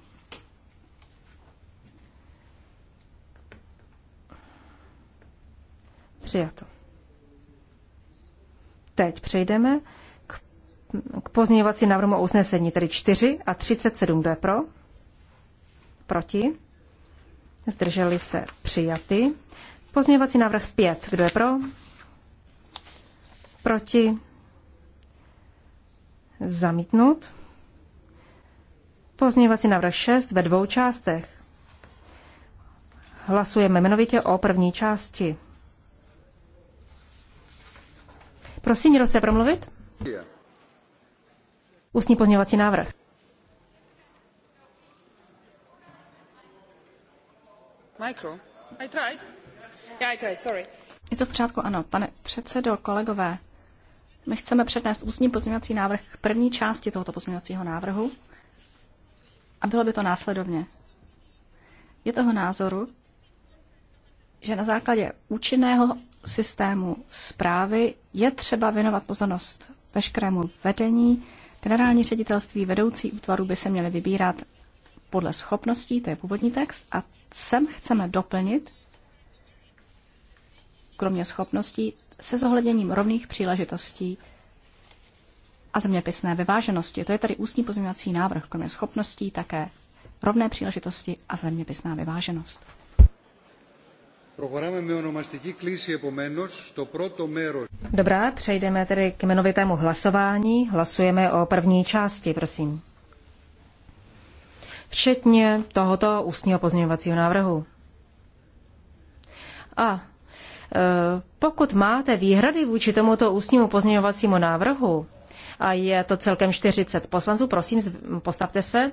Přijato. Teď přejdeme k pozměňovací návrhu usnesení, tedy 4 a 37, kdo je pro? Proti? Zdrželi se přijaty. Pozměňovací návrh 5, kdo je pro? Proti? Zamítnut. Pozměňovací návrh 6 ve dvou částech. Hlasujeme jmenovitě o první části. Prosím, někdo chce promluvit? Yeah ústní pozměňovací návrh. Micro. I tried. Yeah, I tried, sorry. Je to v pořádku, ano. Pane předsedo, kolegové, my chceme přednést ústní pozměňovací návrh k první části tohoto pozměňovacího návrhu a bylo by to následovně. Je toho názoru, že na základě účinného systému zprávy je třeba věnovat pozornost veškerému vedení, Generální ředitelství vedoucí útvaru by se měly vybírat podle schopností, to je původní text, a sem chceme doplnit, kromě schopností, se zohledněním rovných příležitostí a zeměpisné vyváženosti. To je tady ústní pozměňovací návrh, kromě schopností také rovné příležitosti a zeměpisná vyváženost. Dobrá, přejdeme tedy k jmenovitému hlasování. Hlasujeme o první části, prosím. Včetně tohoto ústního pozměňovacího návrhu. A e, pokud máte výhrady vůči tomuto ústnímu pozměňovacímu návrhu, a je to celkem 40 poslanců, prosím, postavte se.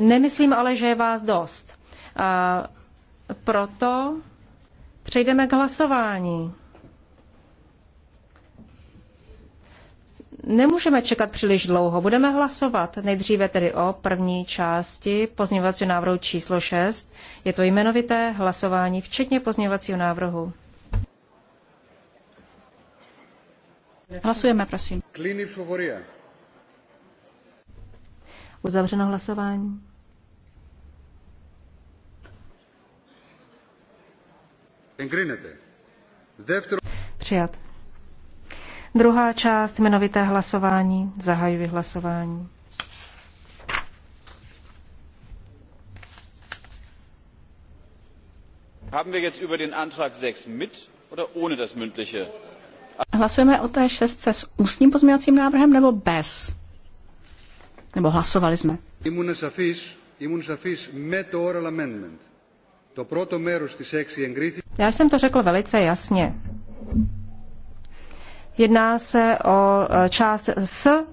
Nemyslím ale, že je vás dost. A proto Přejdeme k hlasování. Nemůžeme čekat příliš dlouho. Budeme hlasovat nejdříve tedy o první části pozměňovacího návrhu číslo 6. Je to jmenovité hlasování, včetně pozměňovacího návrhu. Hlasujeme, prosím. Uzavřeno hlasování. Přijat. Druhá část jmenovité hlasování. Zahajuji hlasování. Haben wir jetzt über den Antrag 6 mit oder ohne das mündliche? Hlasujeme o té šestce s ústním pozměňovacím návrhem nebo bez? Nebo hlasovali jsme? Imun safis, imun safis met oral amendment. Já jsem to řekl velice jasně. Jedná se o e, část s e,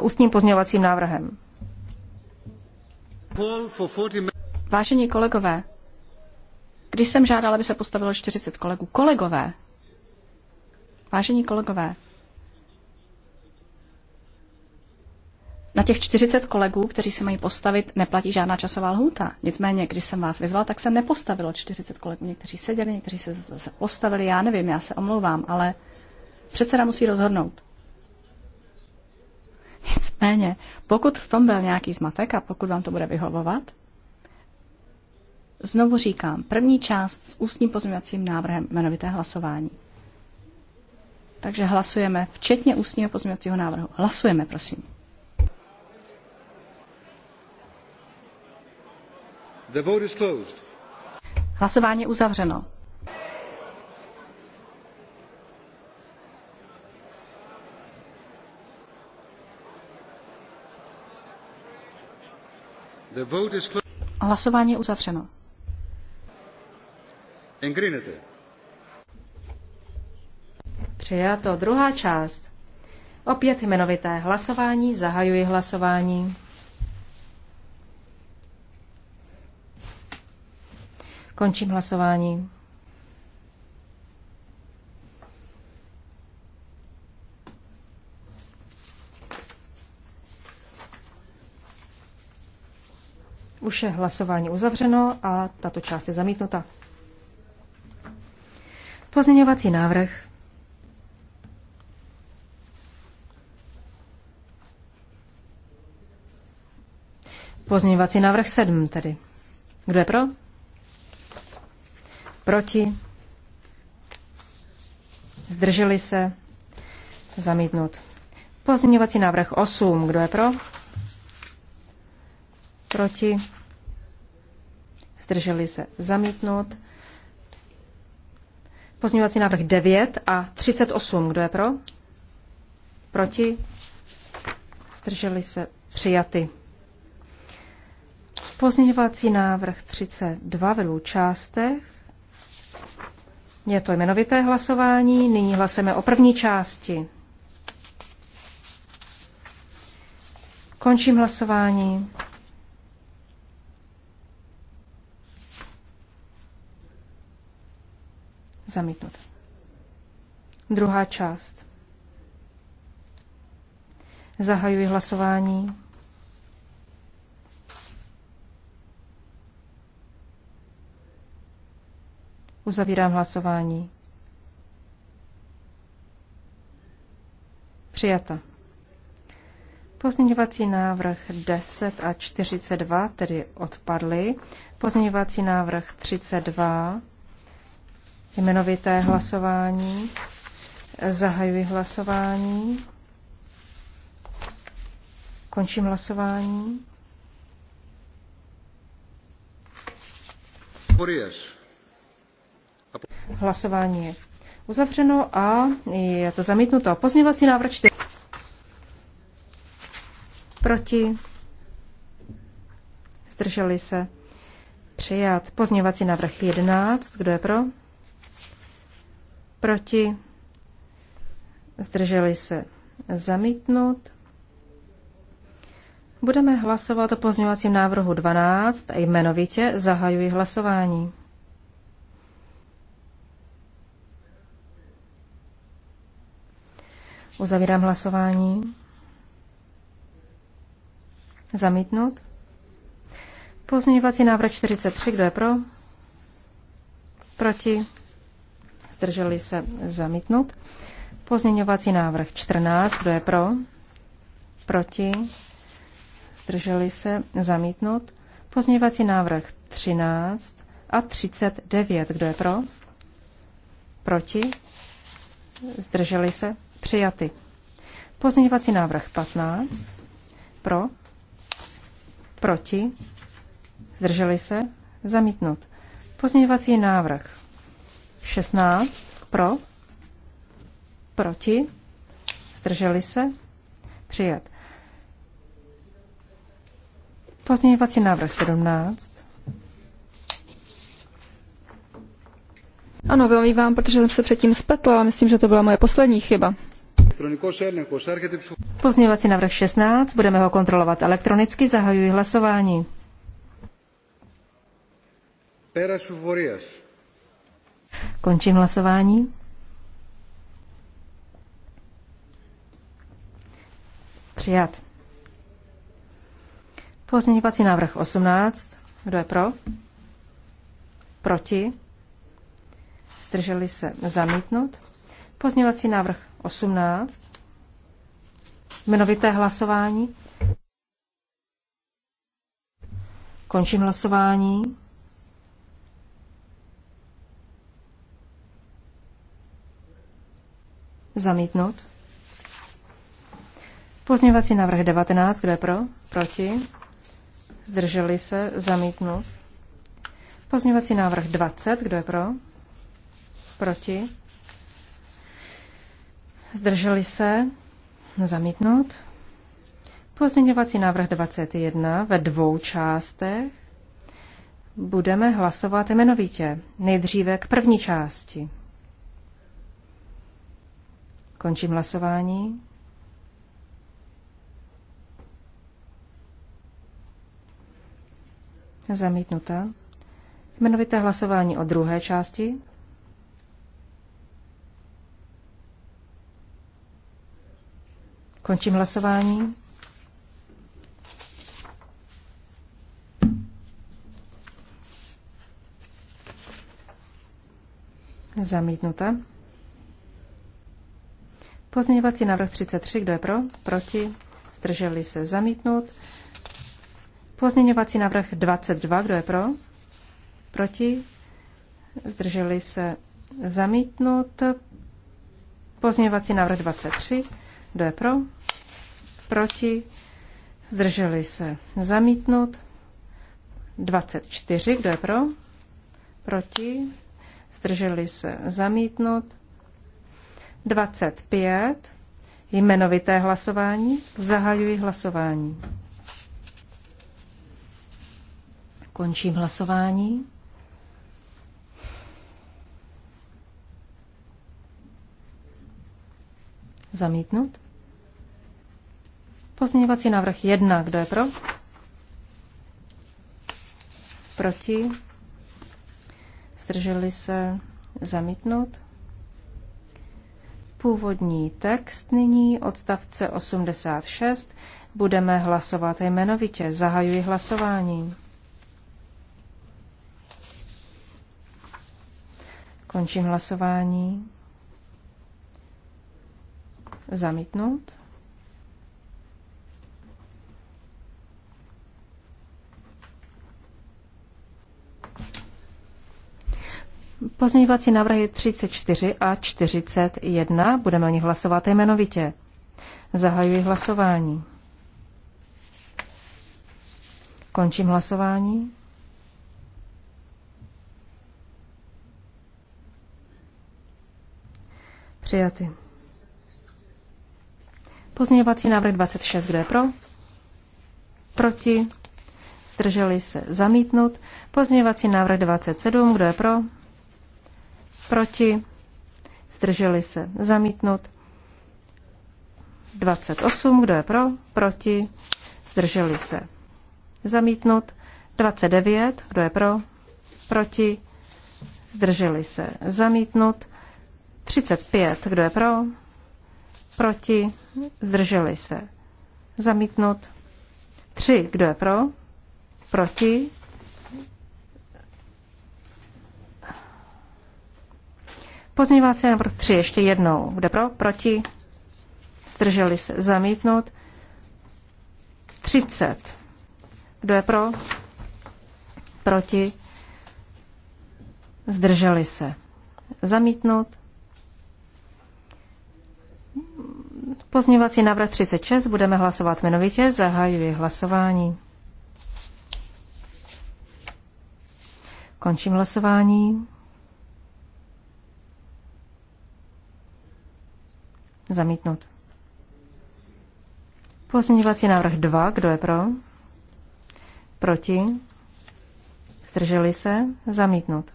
ústním pozměňovacím návrhem. Vážení kolegové, když jsem žádala, aby se postavilo 40 kolegů, kolegové, vážení kolegové, Na těch 40 kolegů, kteří se mají postavit, neplatí žádná časová lhůta. Nicméně, když jsem vás vyzval, tak se nepostavilo 40 kolegů. Někteří seděli, někteří se, se postavili, já nevím, já se omlouvám, ale předseda musí rozhodnout. Nicméně, pokud v tom byl nějaký zmatek a pokud vám to bude vyhovovat, znovu říkám, první část s ústním pozměňovacím návrhem jmenovité hlasování. Takže hlasujeme, včetně ústního pozměňovacího návrhu. Hlasujeme, prosím. The vote is closed. Hlasování uzavřeno. The vote is closed. Hlasování uzavřeno. Přijato druhá část. Opět jmenovité hlasování, zahajuji hlasování. Končím hlasování. Už je hlasování uzavřeno a tato část je zamítnuta. Pozměňovací návrh. Pozměňovací návrh 7 tedy. Kdo je pro? Proti? Zdrželi se? Zamítnut. Pozměňovací návrh 8. Kdo je pro? Proti? Zdrželi se? Zamítnut. Pozměňovací návrh 9 a 38. Kdo je pro? Proti? Zdrželi se? Přijaty. Pozměňovací návrh 32 ve dvou částech. Je to jmenovité hlasování. Nyní hlasujeme o první části. Končím hlasování. Zamítnut. Druhá část. Zahajuji hlasování. Uzavírám hlasování. Přijata. Pozměňovací návrh 10 a 42 tedy odpadly. Pozměňovací návrh 32 jmenovité hlasování. Zahajuji hlasování. Končím hlasování. Furias. Hlasování je uzavřeno a je to zamítnuto. Pozměňovací návrh 4. Proti. Zdrželi se. Přijat. Pozměňovací návrh 11. Kdo je pro? Proti. Zdrželi se. Zamítnut. Budeme hlasovat o pozměňovacím návrhu 12 jmenovitě zahajuji hlasování. Uzavírám hlasování. Zamítnut. Pozměňovací návrh 43, kdo je pro? Proti? Zdrželi se zamítnut. Pozměňovací návrh 14, kdo je pro? Proti? Zdrželi se zamítnut. Pozměňovací návrh 13 a 39, kdo je pro? Proti? Zdrželi se Přijaty. Pozměňovací návrh 15. Pro. Proti. Zdrželi se. Zamítnut. Pozměňovací návrh 16. Pro. Proti. Zdrželi se. Přijat. Pozměňovací návrh 17. Ano, velmi vám, protože jsem se předtím spletla, ale myslím, že to byla moje poslední chyba. Pozměňovací návrh 16, budeme ho kontrolovat elektronicky, zahajuji hlasování. Končím hlasování. Přijat. Pozměňovací návrh 18. Kdo je pro? Proti? Zdrželi se zamítnout. Pozměňovací návrh 18. Jmenovité hlasování. Končím hlasování. Zamítnout. Pozměňovací návrh 19, kdo je pro? Proti? Zdrželi se? Zamítnout. Pozměňovací návrh 20, kdo je pro? Proti? Zdrželi se? Zamítnout. Pozměňovací návrh 21 ve dvou částech. Budeme hlasovat jmenovitě. Nejdříve k první části. Končím hlasování. Zamítnuta. Jmenovité hlasování o druhé části. Končím hlasování. Zamítnuta. Pozměňovací návrh 33, kdo je pro? Proti? Zdrželi se zamítnout. Pozměňovací návrh 22, kdo je pro? Proti? Zdrželi se zamítnout. Pozměňovací návrh 23, kdo je pro? Proti? Zdrželi se zamítnout. 24. Kdo je pro? Proti? Zdrželi se zamítnout. 25. Jmenovité hlasování. Zahajuji hlasování. Končím hlasování. Zamítnut. Pozměňovací návrh 1. Kdo je pro? Proti? Zdrželi se? Zamítnut. Původní text nyní odstavce 86. Budeme hlasovat jmenovitě. Zahajuji hlasování. Končím hlasování. Zamítnout. Pozměňovací návrhy 34 a 41 budeme o nich hlasovat jmenovitě. Zahajuji hlasování. Končím hlasování. Přijaty. Pozměňovací návrh 26, kdo je pro? Proti? Zdrželi se zamítnut. Pozměňovací návrh 27, kdo je pro? Proti? Zdrželi se zamítnut. 28, kdo je pro? Proti? Zdrželi se zamítnut. 29, kdo je pro? Proti? Zdrželi se zamítnut. 35, kdo je pro? Proti? Zdrželi se. Zamítnut. Tři. Kdo je pro? Proti? Pozměňovací návrh tři. ještě jednou. je pro? Proti? Zdrželi se. Zamítnout. 30. Kdo je pro? Proti? Zdrželi se. Zamítnout. Pozměňovací návrh 36 budeme hlasovat jmenovitě. Zahajuji hlasování. Končím hlasování. Zamítnut. Pozměňovací návrh 2. Kdo je pro? Proti? Zdrželi se? Zamítnut.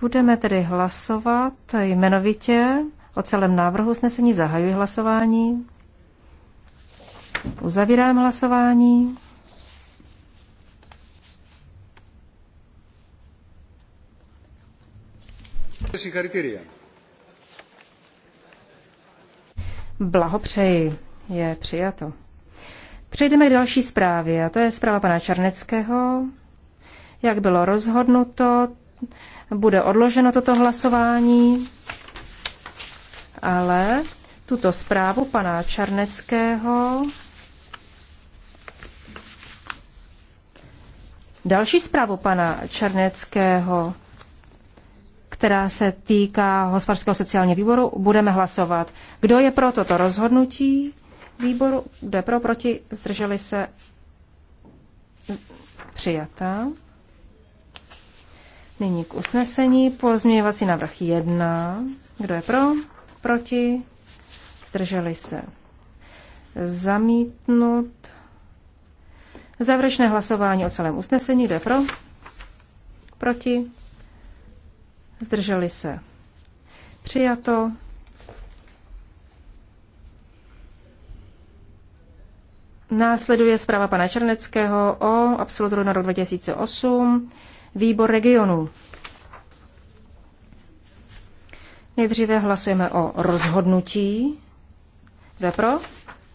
Budeme tedy hlasovat jmenovitě O celém návrhu usnesení zahajuji hlasování. Uzavírám hlasování. Blahopřeji, je přijato. Přejdeme k další zprávě, a to je zpráva pana Černeckého. Jak bylo rozhodnuto, bude odloženo toto hlasování ale tuto zprávu pana Čarneckého. Další zprávu pana Černeckého, která se týká hospodářského sociálního výboru, budeme hlasovat. Kdo je pro toto rozhodnutí výboru? Kdo je pro, proti? Zdrželi se? Přijatá. Nyní k usnesení. Pozměňovací návrh 1. Kdo je pro? proti, zdrželi se zamítnut. Závěrečné hlasování o celém usnesení, kdo je pro, proti, zdrželi se přijato. Následuje zpráva pana Černeckého o absolutoru na rok 2008, výbor regionů. Nejdříve hlasujeme o rozhodnutí. Kdo pro?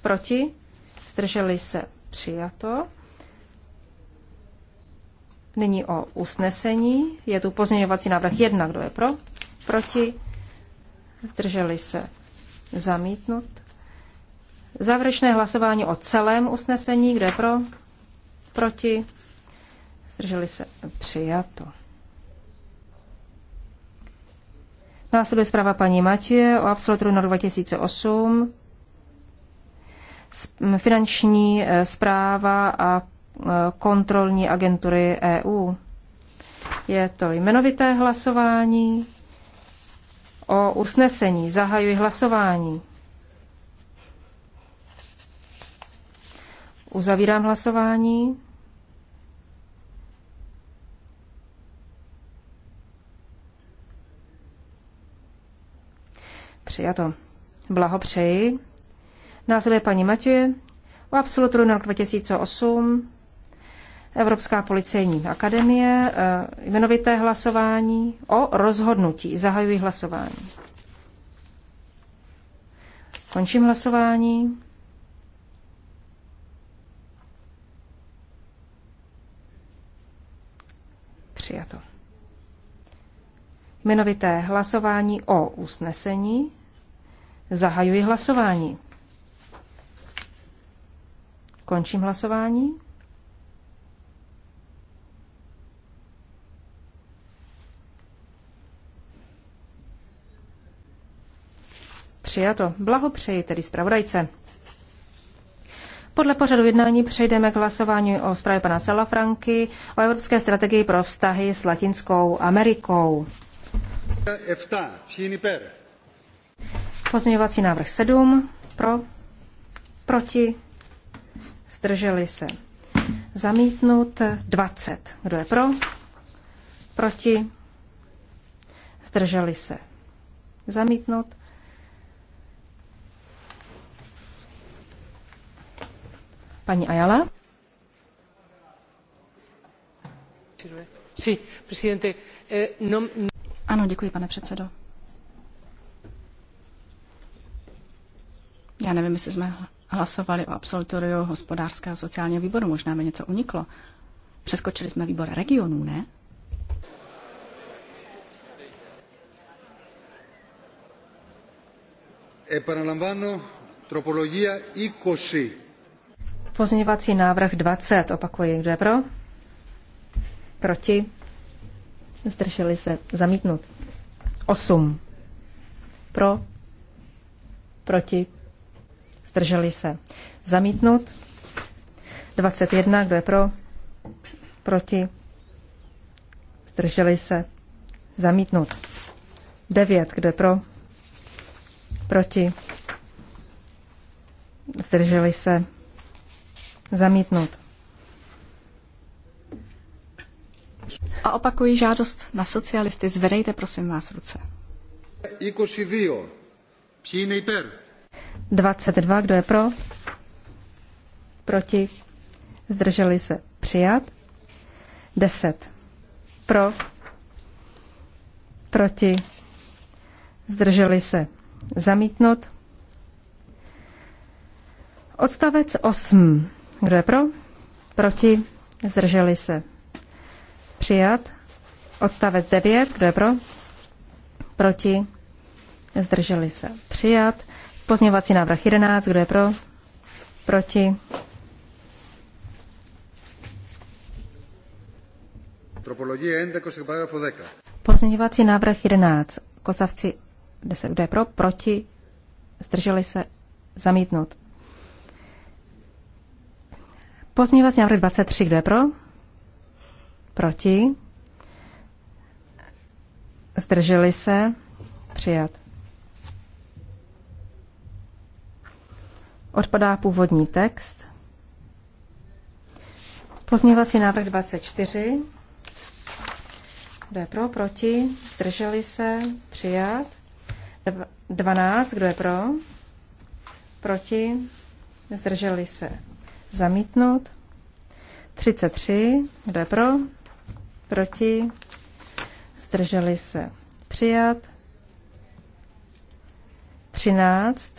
Proti? Zdrželi se? Přijato. Nyní o usnesení. Je tu pozměňovací návrh 1. Kdo je pro? Proti? Zdrželi se? Zamítnut. Závěrečné hlasování o celém usnesení. Kdo je pro? Proti? Zdrželi se? Přijato. Následuje zpráva paní Matě o absolutoru na 2008, finanční zpráva eh, a eh, kontrolní agentury EU. Je to jmenovité hlasování o usnesení. Zahajuji hlasování. Uzavírám hlasování. přijato. Blahopřeji. Následuje paní Matěje o absolutu na rok 2008. Evropská policejní akademie, eh, jmenovité hlasování o rozhodnutí. Zahajuji hlasování. Končím hlasování. Přijato. Jmenovité hlasování o usnesení. Zahajuji hlasování. Končím hlasování. Přijato. Blahopřeji tedy zpravodajce. Podle pořadu jednání přejdeme k hlasování o zprávě pana Salafranky o evropské strategii pro vztahy s Latinskou Amerikou. Pozměňovací návrh 7 pro, proti, zdrželi se. Zamítnut 20. Kdo je pro? Proti? Zdrželi se. Zamítnut. Paní Ayala. Eh, no- ano, děkuji, pane předsedo. Já nevím, jestli jsme hlasovali o absolutoriu hospodářského a sociálního výboru, možná mi něco uniklo. Přeskočili jsme výbor regionů, ne? Επαναλαμβάνω, i 20. Pozměňovací návrh 20, opakuji, kdo je pro? Proti? Zdrželi se, zamítnut. 8. Pro? Proti? zdrželi se. Zamítnut. 21, kdo je pro, proti, zdrželi se. Zamítnut. 9, kdo je pro, proti, zdrželi se. Zamítnut. A opakují žádost na socialisty. Zvedejte prosím vás ruce. 22. Ποιοι είναι υπέρ. 22, kdo je pro? Proti? Zdrželi se přijat. 10 pro? Proti? Zdrželi se zamítnout. Odstavec 8. Kdo je pro? Proti? Zdrželi se. Přijat. Odstavec 9. Kdo je pro? Proti? Zdrželi se. Přijat. Pozměňovací návrh 11, kdo je pro? Proti? Pozměňovací návrh 11. Kosavci 10. Kdo je pro? Proti? Zdrželi se? Zamítnout. Pozměňovací návrh 23. Kdo je pro? Proti? Zdrželi se? Přijat. Odpadá původní text. Pozměňovací návrh 24. Kdo je pro, proti, zdrželi se, přijat. 12. Kdo je pro, proti, zdrželi se, zamítnout. 33. Kdo je pro, proti, zdrželi se, přijat. 13.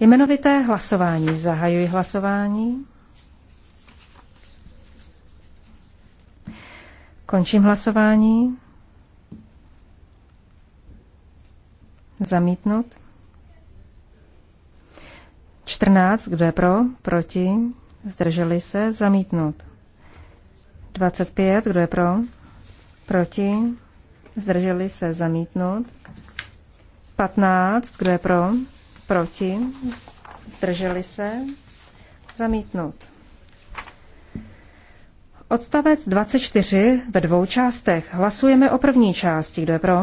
Jmenovité hlasování. Zahajuji hlasování. Končím hlasování. Zamítnut. 14. Kdo je pro? Proti? Zdrželi se? Zamítnut. 25. Kdo je pro? Proti? Zdrželi se? Zamítnut. 15. Kdo je pro? proti, zdrželi se, zamítnout. Odstavec 24 ve dvou částech. Hlasujeme o první části. Kdo je pro?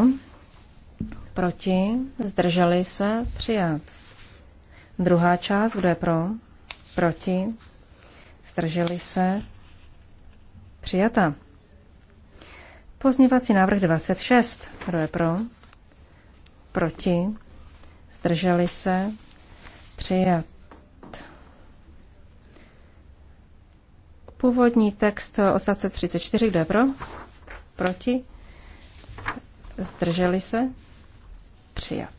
Proti, zdrželi se, přijat. Druhá část, kdo je pro? Proti, zdrželi se, přijata. Pozněvací návrh 26. Kdo je pro? Proti, zdrželi se, přijat. Původní text o 34, kdo je pro? Proti? Zdrželi se? Přijat.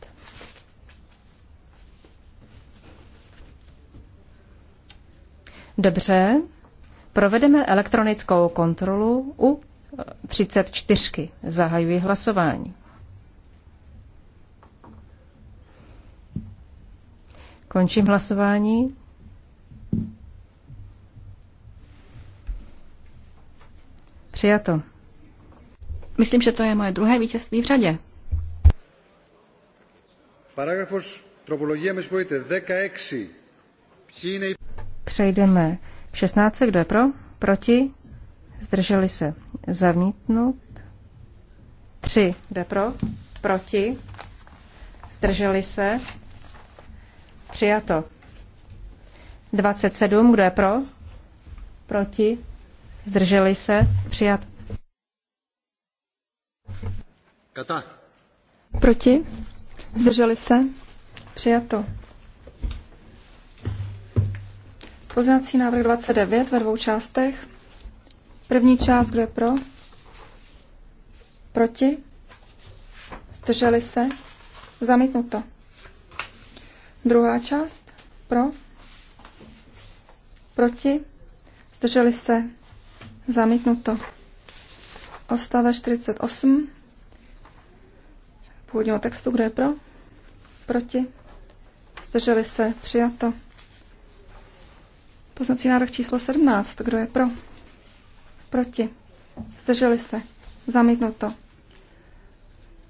Dobře, provedeme elektronickou kontrolu u 34. Zahajuji hlasování. Končím hlasování. Přijato. Myslím, že to je moje druhé vítězství v řadě. Paragrafos tropologie, myslíte, 16. Přejdeme k 16. Kdo je pro? Proti? Zdrželi se. Zamítnut. 3. Kdo je pro? Proti? Zdrželi se. Přijato. 27. Kdo je pro? Proti? Zdrželi se? Přijat. Kata. Proti? Zdrželi se? Přijato. Poznací návrh 29 ve dvou částech. První část, kdo je pro? Proti? Zdrželi se? Zamítnuto. Druhá část pro, proti, zdrželi se, zamítnuto. Ostave 48 původního textu, kdo je pro, proti, zdrželi se, přijato. Poznací návrh číslo 17, kdo je pro, proti, zdrželi se, zamítnuto.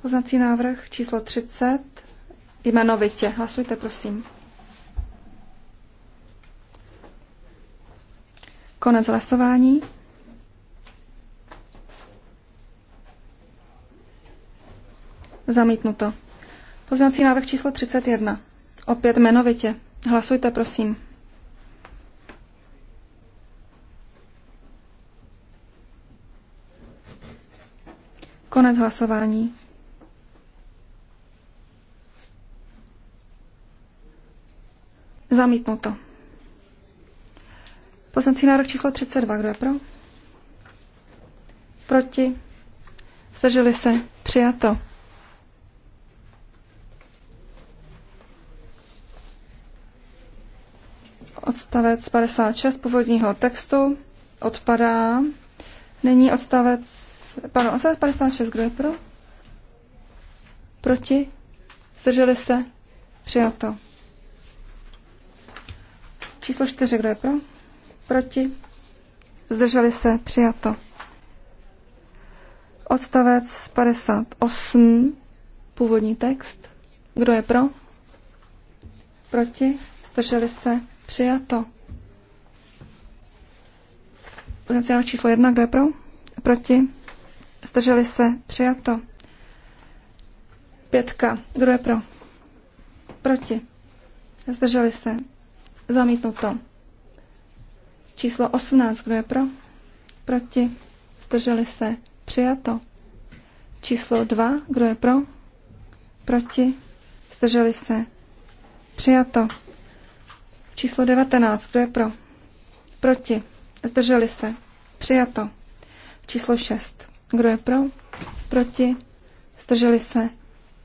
Poznací návrh číslo 30, jmenovitě. Hlasujte, prosím. Konec hlasování. Zamítnuto. Poznací návrh číslo 31. Opět jmenovitě. Hlasujte, prosím. Konec hlasování. Zamítnuto. Poslanci nárok číslo 32. Kdo je pro? Proti? Zdrželi se? Přijato. Odstavec 56 původního textu odpadá. Není odstavec, pardon, odstavec 56, kdo je pro? Proti? Zdrželi se? Přijato. Číslo 4, kdo je pro? Proti? Zdrželi se? Přijato. Odstavec 58, původní text. Kdo je pro? Proti? Zdrželi se? Přijato. Pozici číslo 1, kdo je pro? Proti? Zdrželi se? Přijato. Pětka, kdo je pro? Proti? Zdrželi se? Zamítnuto. Číslo 18. Kdo je pro? Proti? Zdrželi se? Přijato. Číslo 2. Kdo je pro? Proti? Zdrželi se? Přijato. Číslo 19. Kdo je pro? Proti? Zdrželi se? Přijato. Číslo 6. Kdo je pro? Proti? Zdrželi se?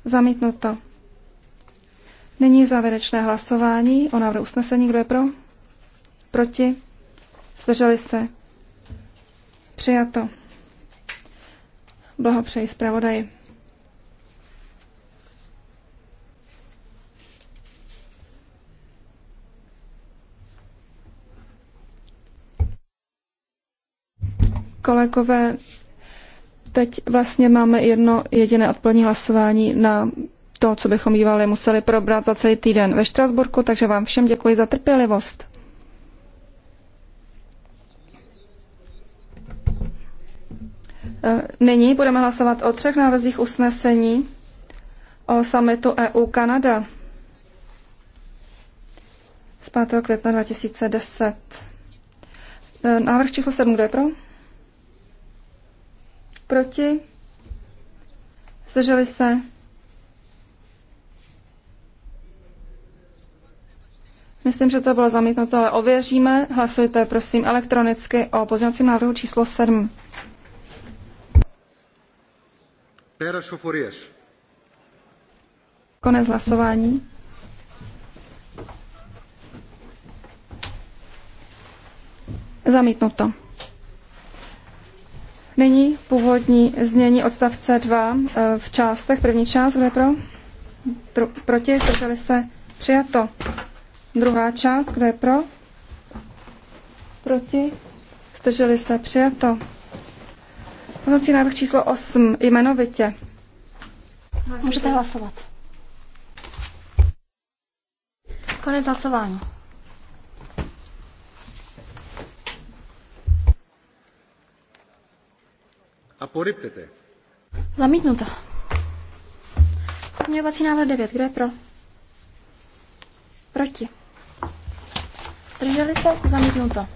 Zamítnuto. Nyní závěrečné hlasování o návrhu usnesení. Kdo je pro? Proti? Zdrželi se? Přijato. Blahopřeji zpravodaji. Kolegové, teď vlastně máme jedno jediné odpolední hlasování na to, co bychom bývali museli probrat za celý týden ve Štrasburku, takže vám všem děkuji za trpělivost. E, nyní budeme hlasovat o třech návrzích usnesení o summitu EU-Kanada z 5. května 2010. E, návrh číslo 7, kdo je pro? Proti? Zdrželi se? Myslím, že to bylo zamítnuto, ale ověříme. Hlasujte prosím elektronicky o pozměňovacím návrhu číslo 7. Konec hlasování. Zamítnuto. Nyní původní znění odstavce 2 eh, v částech. První část, kde pro? proti, zdrželi se, přijato. Druhá část, kdo je pro? Proti? Zdrželi se, přijato. Poznací návrh číslo 8, jmenovitě. Můžete hlasovat. Konec hlasování. A Απορρίπτεται. Zamítnuto. Pozměňovací návrh 9. Kdo je pro? Proti. Zdrželi se? Zamítnuto.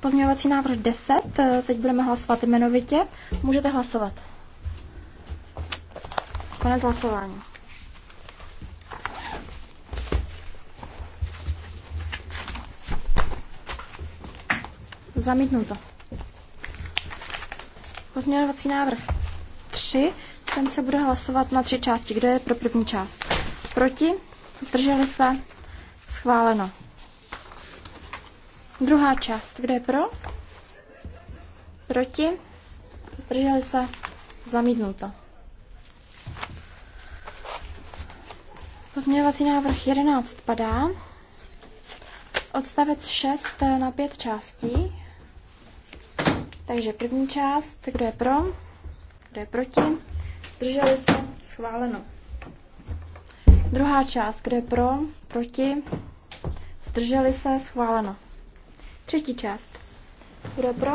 Pozměňovací, návrh 10. Eh, teď budeme hlasovat jmenovitě. Můžete hlasovat. Konec hlasování. Zamítnuto. Pozměňovací návrh 3. Ten se bude hlasovat na tři části. Kdo je pro první část? Proti? Zdrželi se? Schváleno. Druhá část. Kdo je pro? Proti? Zdrželi se? Zamítnuto. Pozměňovací návrh 11 padá. Odstavec 6 na pět částí. Takže první část, kdo je pro, kdo je proti, zdrželi se, schváleno. Druhá část, kde pro, proti, zdrželi se, schváleno. Třetí část, kde pro,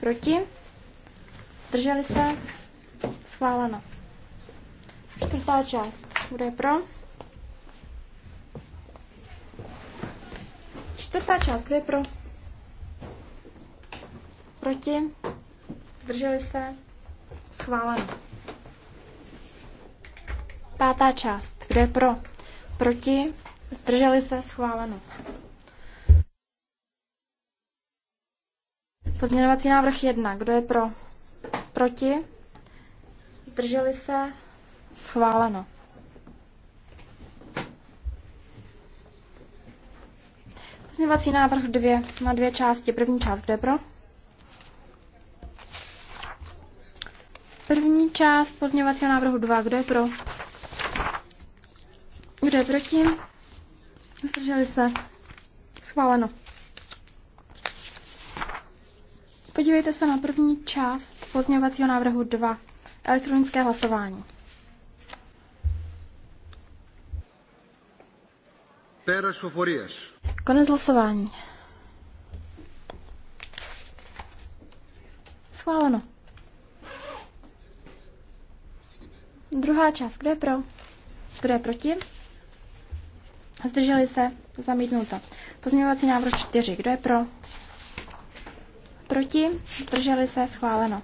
proti, zdrželi se, schváleno. Čtvrtá část, kde pro, čtvrtá část, kde pro, proti, zdrželi se, schváleno. Pátá část. Kdo je pro? Proti? Zdrželi se? Schváleno. Pozměňovací návrh 1. Kdo je pro? Proti? Zdrželi se? Schváleno. Pozměňovací návrh 2 na dvě části. První část, Kdo je pro? První část pozměňovacího návrhu 2, kdo je pro? Kdo je proti? Zdrželi se. Schváleno. Podívejte se na první část pozměňovacího návrhu 2. Elektronické hlasování. Konec hlasování. Schváleno. Druhá část. Kdo je pro? Kdo je proti? Zdrželi se? Zamítnuto. Pozměňovací návrh 4. Kdo je pro? Proti? Zdrželi se? Schváleno.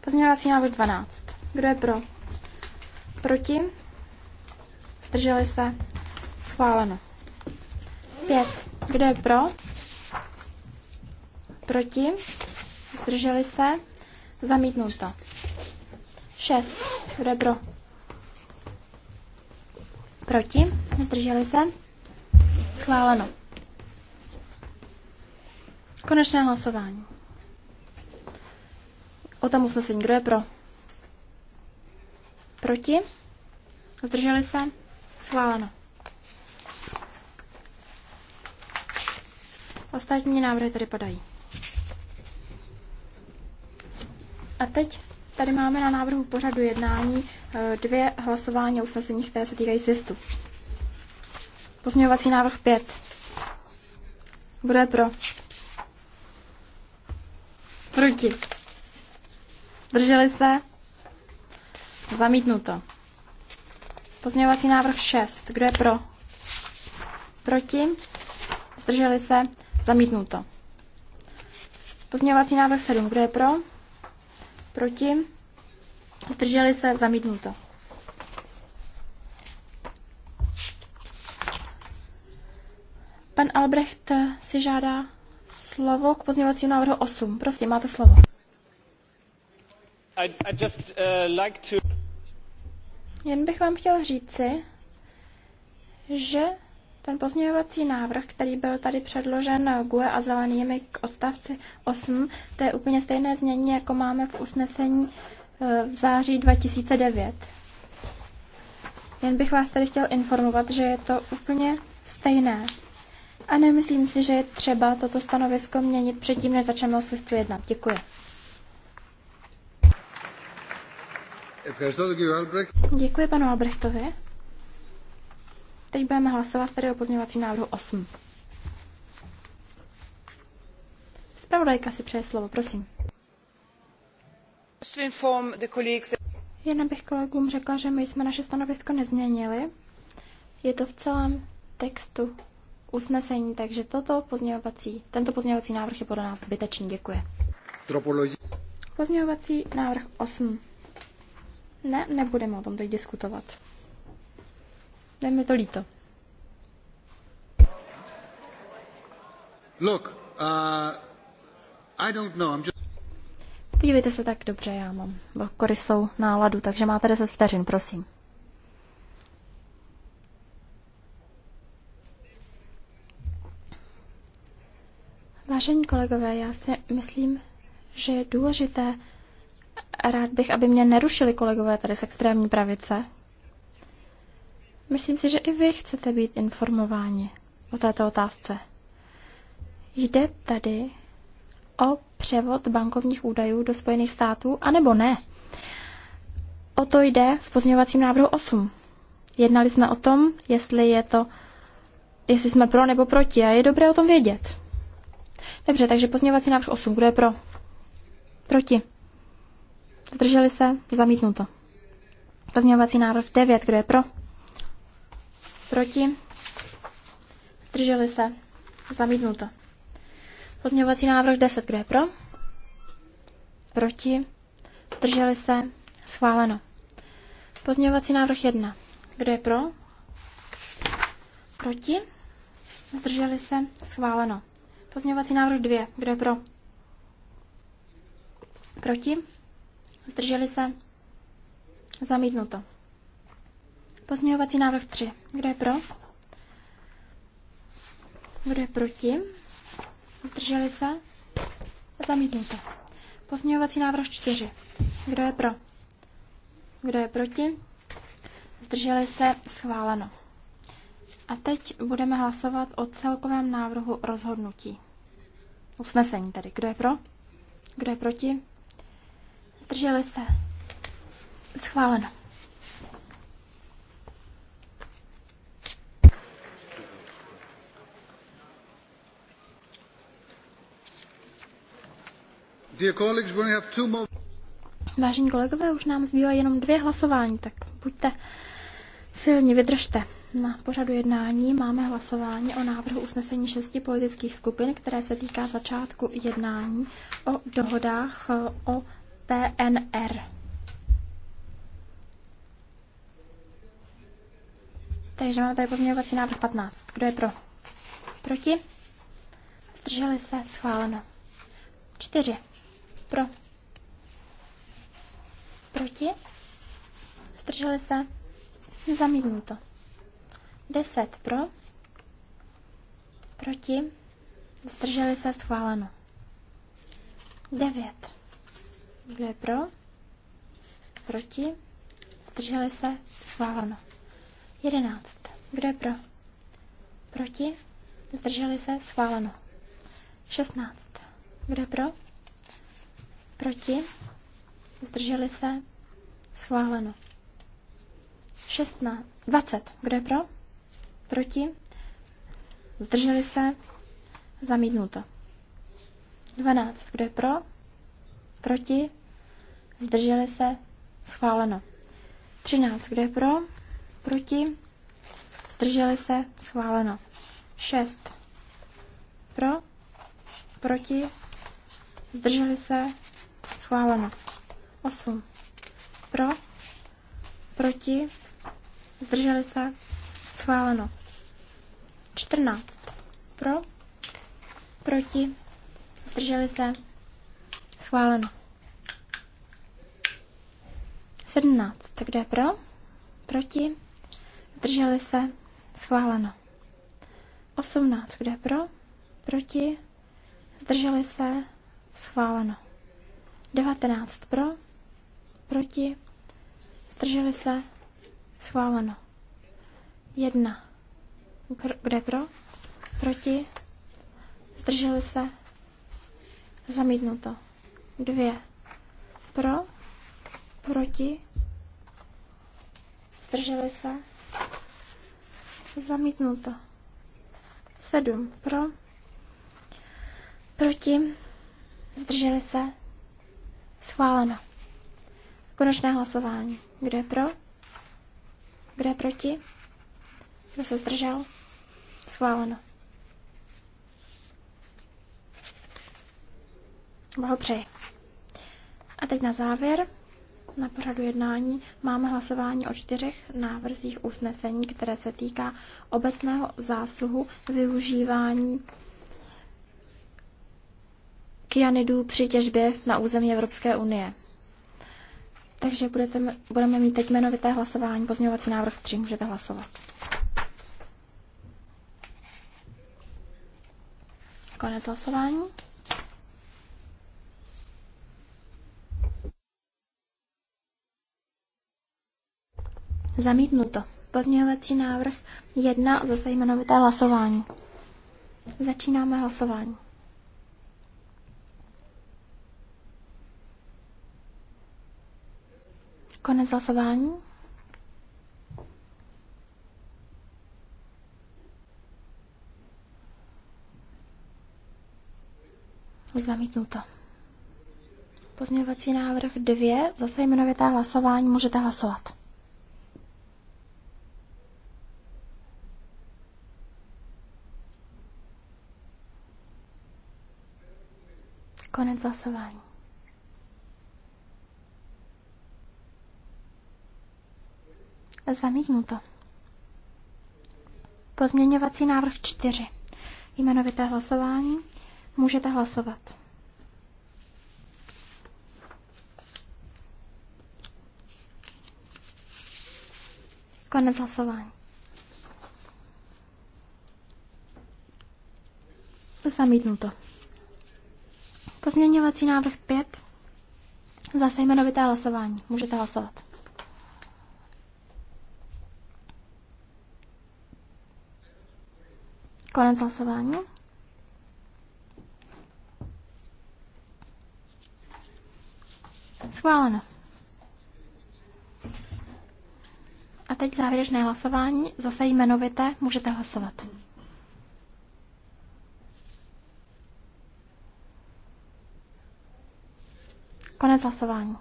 Pozměňovací návrh 12. Kdo je pro? Proti? Zdrželi se? Schváleno. 5. Kdo je pro? Proti? Zdrželi se? Zamítnuto. 6. Kdo je pro? Proti? Zdrželi se? Schváleno. Konečné hlasování. O tom usnesení. Kdo je pro? Proti? Zdrželi se? Schváleno. Ostatní návrhy tady padají. A teď Tady máme na návrhu pořadu jednání eh, dvě hlasování o usnesení, které se týkají SWIFTu. Pozměňovací návrh 5. Bude pro. Proti. Drželi se. Zamítnuto. Pozměňovací návrh 6. Kdo je pro? Proti. Zdrželi se. Zamítnuto. Pozměňovací návrh 7. Kdo je pro? Proti? Zdrželi se? Zamítnuto. Pan Albrecht si žádá slovo k pozměňovacímu návrhu 8. Prosím, máte slovo. I, I just, uh, like to... Jen bych vám chtěl říci, že ten pozměňovací návrh, který byl tady předložen GUE a zelenými k odstavci 8, to je úplně stejné znění, jako máme v usnesení eh, v září 2009. Jen bych vás tady chtěl informovat, že je to úplně stejné. A nemyslím si, že je třeba toto stanovisko měnit předtím, než začneme o SWIFTu 1. Děkuji. Děkuji panu Albrechtovi. Teď budeme hlasovat tedy o pozměňovacím návrhu 8. Spravodajka si přeje slovo, prosím. Jen bych kolegům řekla, že my jsme naše stanovisko nezměnili. Je to v celém textu usnesení, takže toto pozměňovací, tento pozměňovací návrh je podle nás zbytečný. Děkuji. pozměňovací návrh 8. Ne, nebudeme o tom teď diskutovat. Je mi to líto. Look, uh, I don't know, I'm just... Podívejte se tak dobře, já mám korysou náladu, takže máte 10 vteřin, prosím. Vážení kolegové, já si myslím, že je důležité, rád bych, aby mě nerušili kolegové tady z extrémní pravice, Myslím si, že i vy chcete být informováni o této otázce. Jde tady o převod bankovních údajů do Spojených států, anebo ne? O to jde v pozměňovacím návrhu 8. Jednali jsme o tom, jestli je to, jestli jsme pro nebo proti a je dobré o tom vědět. Dobře, takže pozměňovací návrh 8. Kdo je pro? Proti. Zdrželi se? Zamítnuto. Pozměňovací návrh 9. Kdo je pro? Proti? Zdrželi se? Zamítnuto. Pozměňovací návrh 10. Kdo je pro? Proti? Zdrželi se? Schváleno. Pozměňovací návrh 1. Kdo je pro? Proti? Zdrželi se? Schváleno. Pozměňovací návrh 2. Kdo je pro? Proti? Zdrželi se? Zamítnuto. Pozměňovací návrh 3. Kdo je pro? Kdo je proti? Zdrželi se? Zamítnuto. Pozměňovací návrh 4. Kdo je pro? Kdo je proti? Zdrželi se? Schváleno. A teď budeme hlasovat o celkovém návrhu rozhodnutí. Usnesení tedy. Kdo je pro? Kdo je proti? Zdrželi se? Schváleno. Vážení kolegové, už nám zbývá jenom dvě hlasování, tak buďte silně, vydržte. Na pořadu jednání máme hlasování o návrhu usnesení šesti politických skupin, které se týká začátku jednání o dohodách eh, o PNR. Takže máme tady pozměňovací návrh 15. Kdo je pro? Proti? Zdrželi se? Schváleno. 4. Pro. Proti. Zdrželi se. to. 10 pro. Proti. Zdrželi se schváleno. 9. Kdo je pro? Proti. Zdrželi se schváleno. 11. Kdo je pro? Proti. Zdrželi se schváleno. 16. Kdo je pro? Proti? Zdrželi se? Schváleno. 16. 20. Kdo je pro? Proti? Zdrželi se? Zamítnuto. 12. Kdo je pro? Proti? Zdrželi se? Schváleno. 13. Kdo je pro? Proti? Zdrželi se? Schváleno. 6. Pro? Proti? Zdrželi se? Schváleno. 8. Pro, proti, zdrželi se, schváleno. 14. Pro, proti, zdrželi se, schváleno. 17. Kdo je pro, proti, zdrželi se, schváleno. 18. Kde je pro, proti, zdrželi se, schváleno. 19 pro, proti, zdrželi se, schváleno. 1. Kde pro? Proti, zdrželi se, zamítnuto. 2. Pro, proti, zdrželi se, zamítnuto. 7. Pro, proti, zdrželi se, Schváleno. Konečné hlasování. Kdo je pro? Kdo je proti? Kdo se zdržel? Schváleno. Blahopřeji. A teď na závěr na pořadu jednání máme hlasování o čtyřech návrzích usnesení, které se týká obecného zásluhu využívání kyanidů při těžbě na území Evropské unie. Takže budete, budeme mít teď jmenovité hlasování. Pozměňovací návrh 3 můžete hlasovat. Konec hlasování. Zamítnuto. Pozměňovací návrh 1 zase jmenovité hlasování. Začínáme hlasování. Konec hlasování. Zamítnuto. Pozměňovací návrh 2, zase jmenovité hlasování, můžete hlasovat. Konec hlasování. Zamítnuto. Pozměňovací návrh 4. Jmenovité hlasování. Můžete hlasovat. Konec hlasování. Zamítnuto. Pozměňovací návrh 5. Zase jmenovité hlasování. Můžete hlasovat. Konec hlasování. Schváleno. A teď závěrečné hlasování, zase jmenovité, můžete hlasovat. Konec hlasování.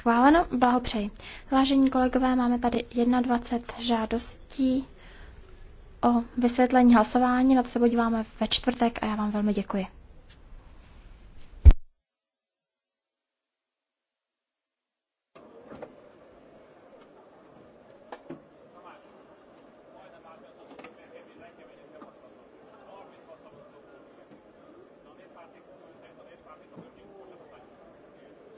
Schváleno, blahopřeji. Vážení kolegové, máme tady 21 žádostí o vysvětlení hlasování, na to se podíváme ve čtvrtek a já vám velmi děkuji.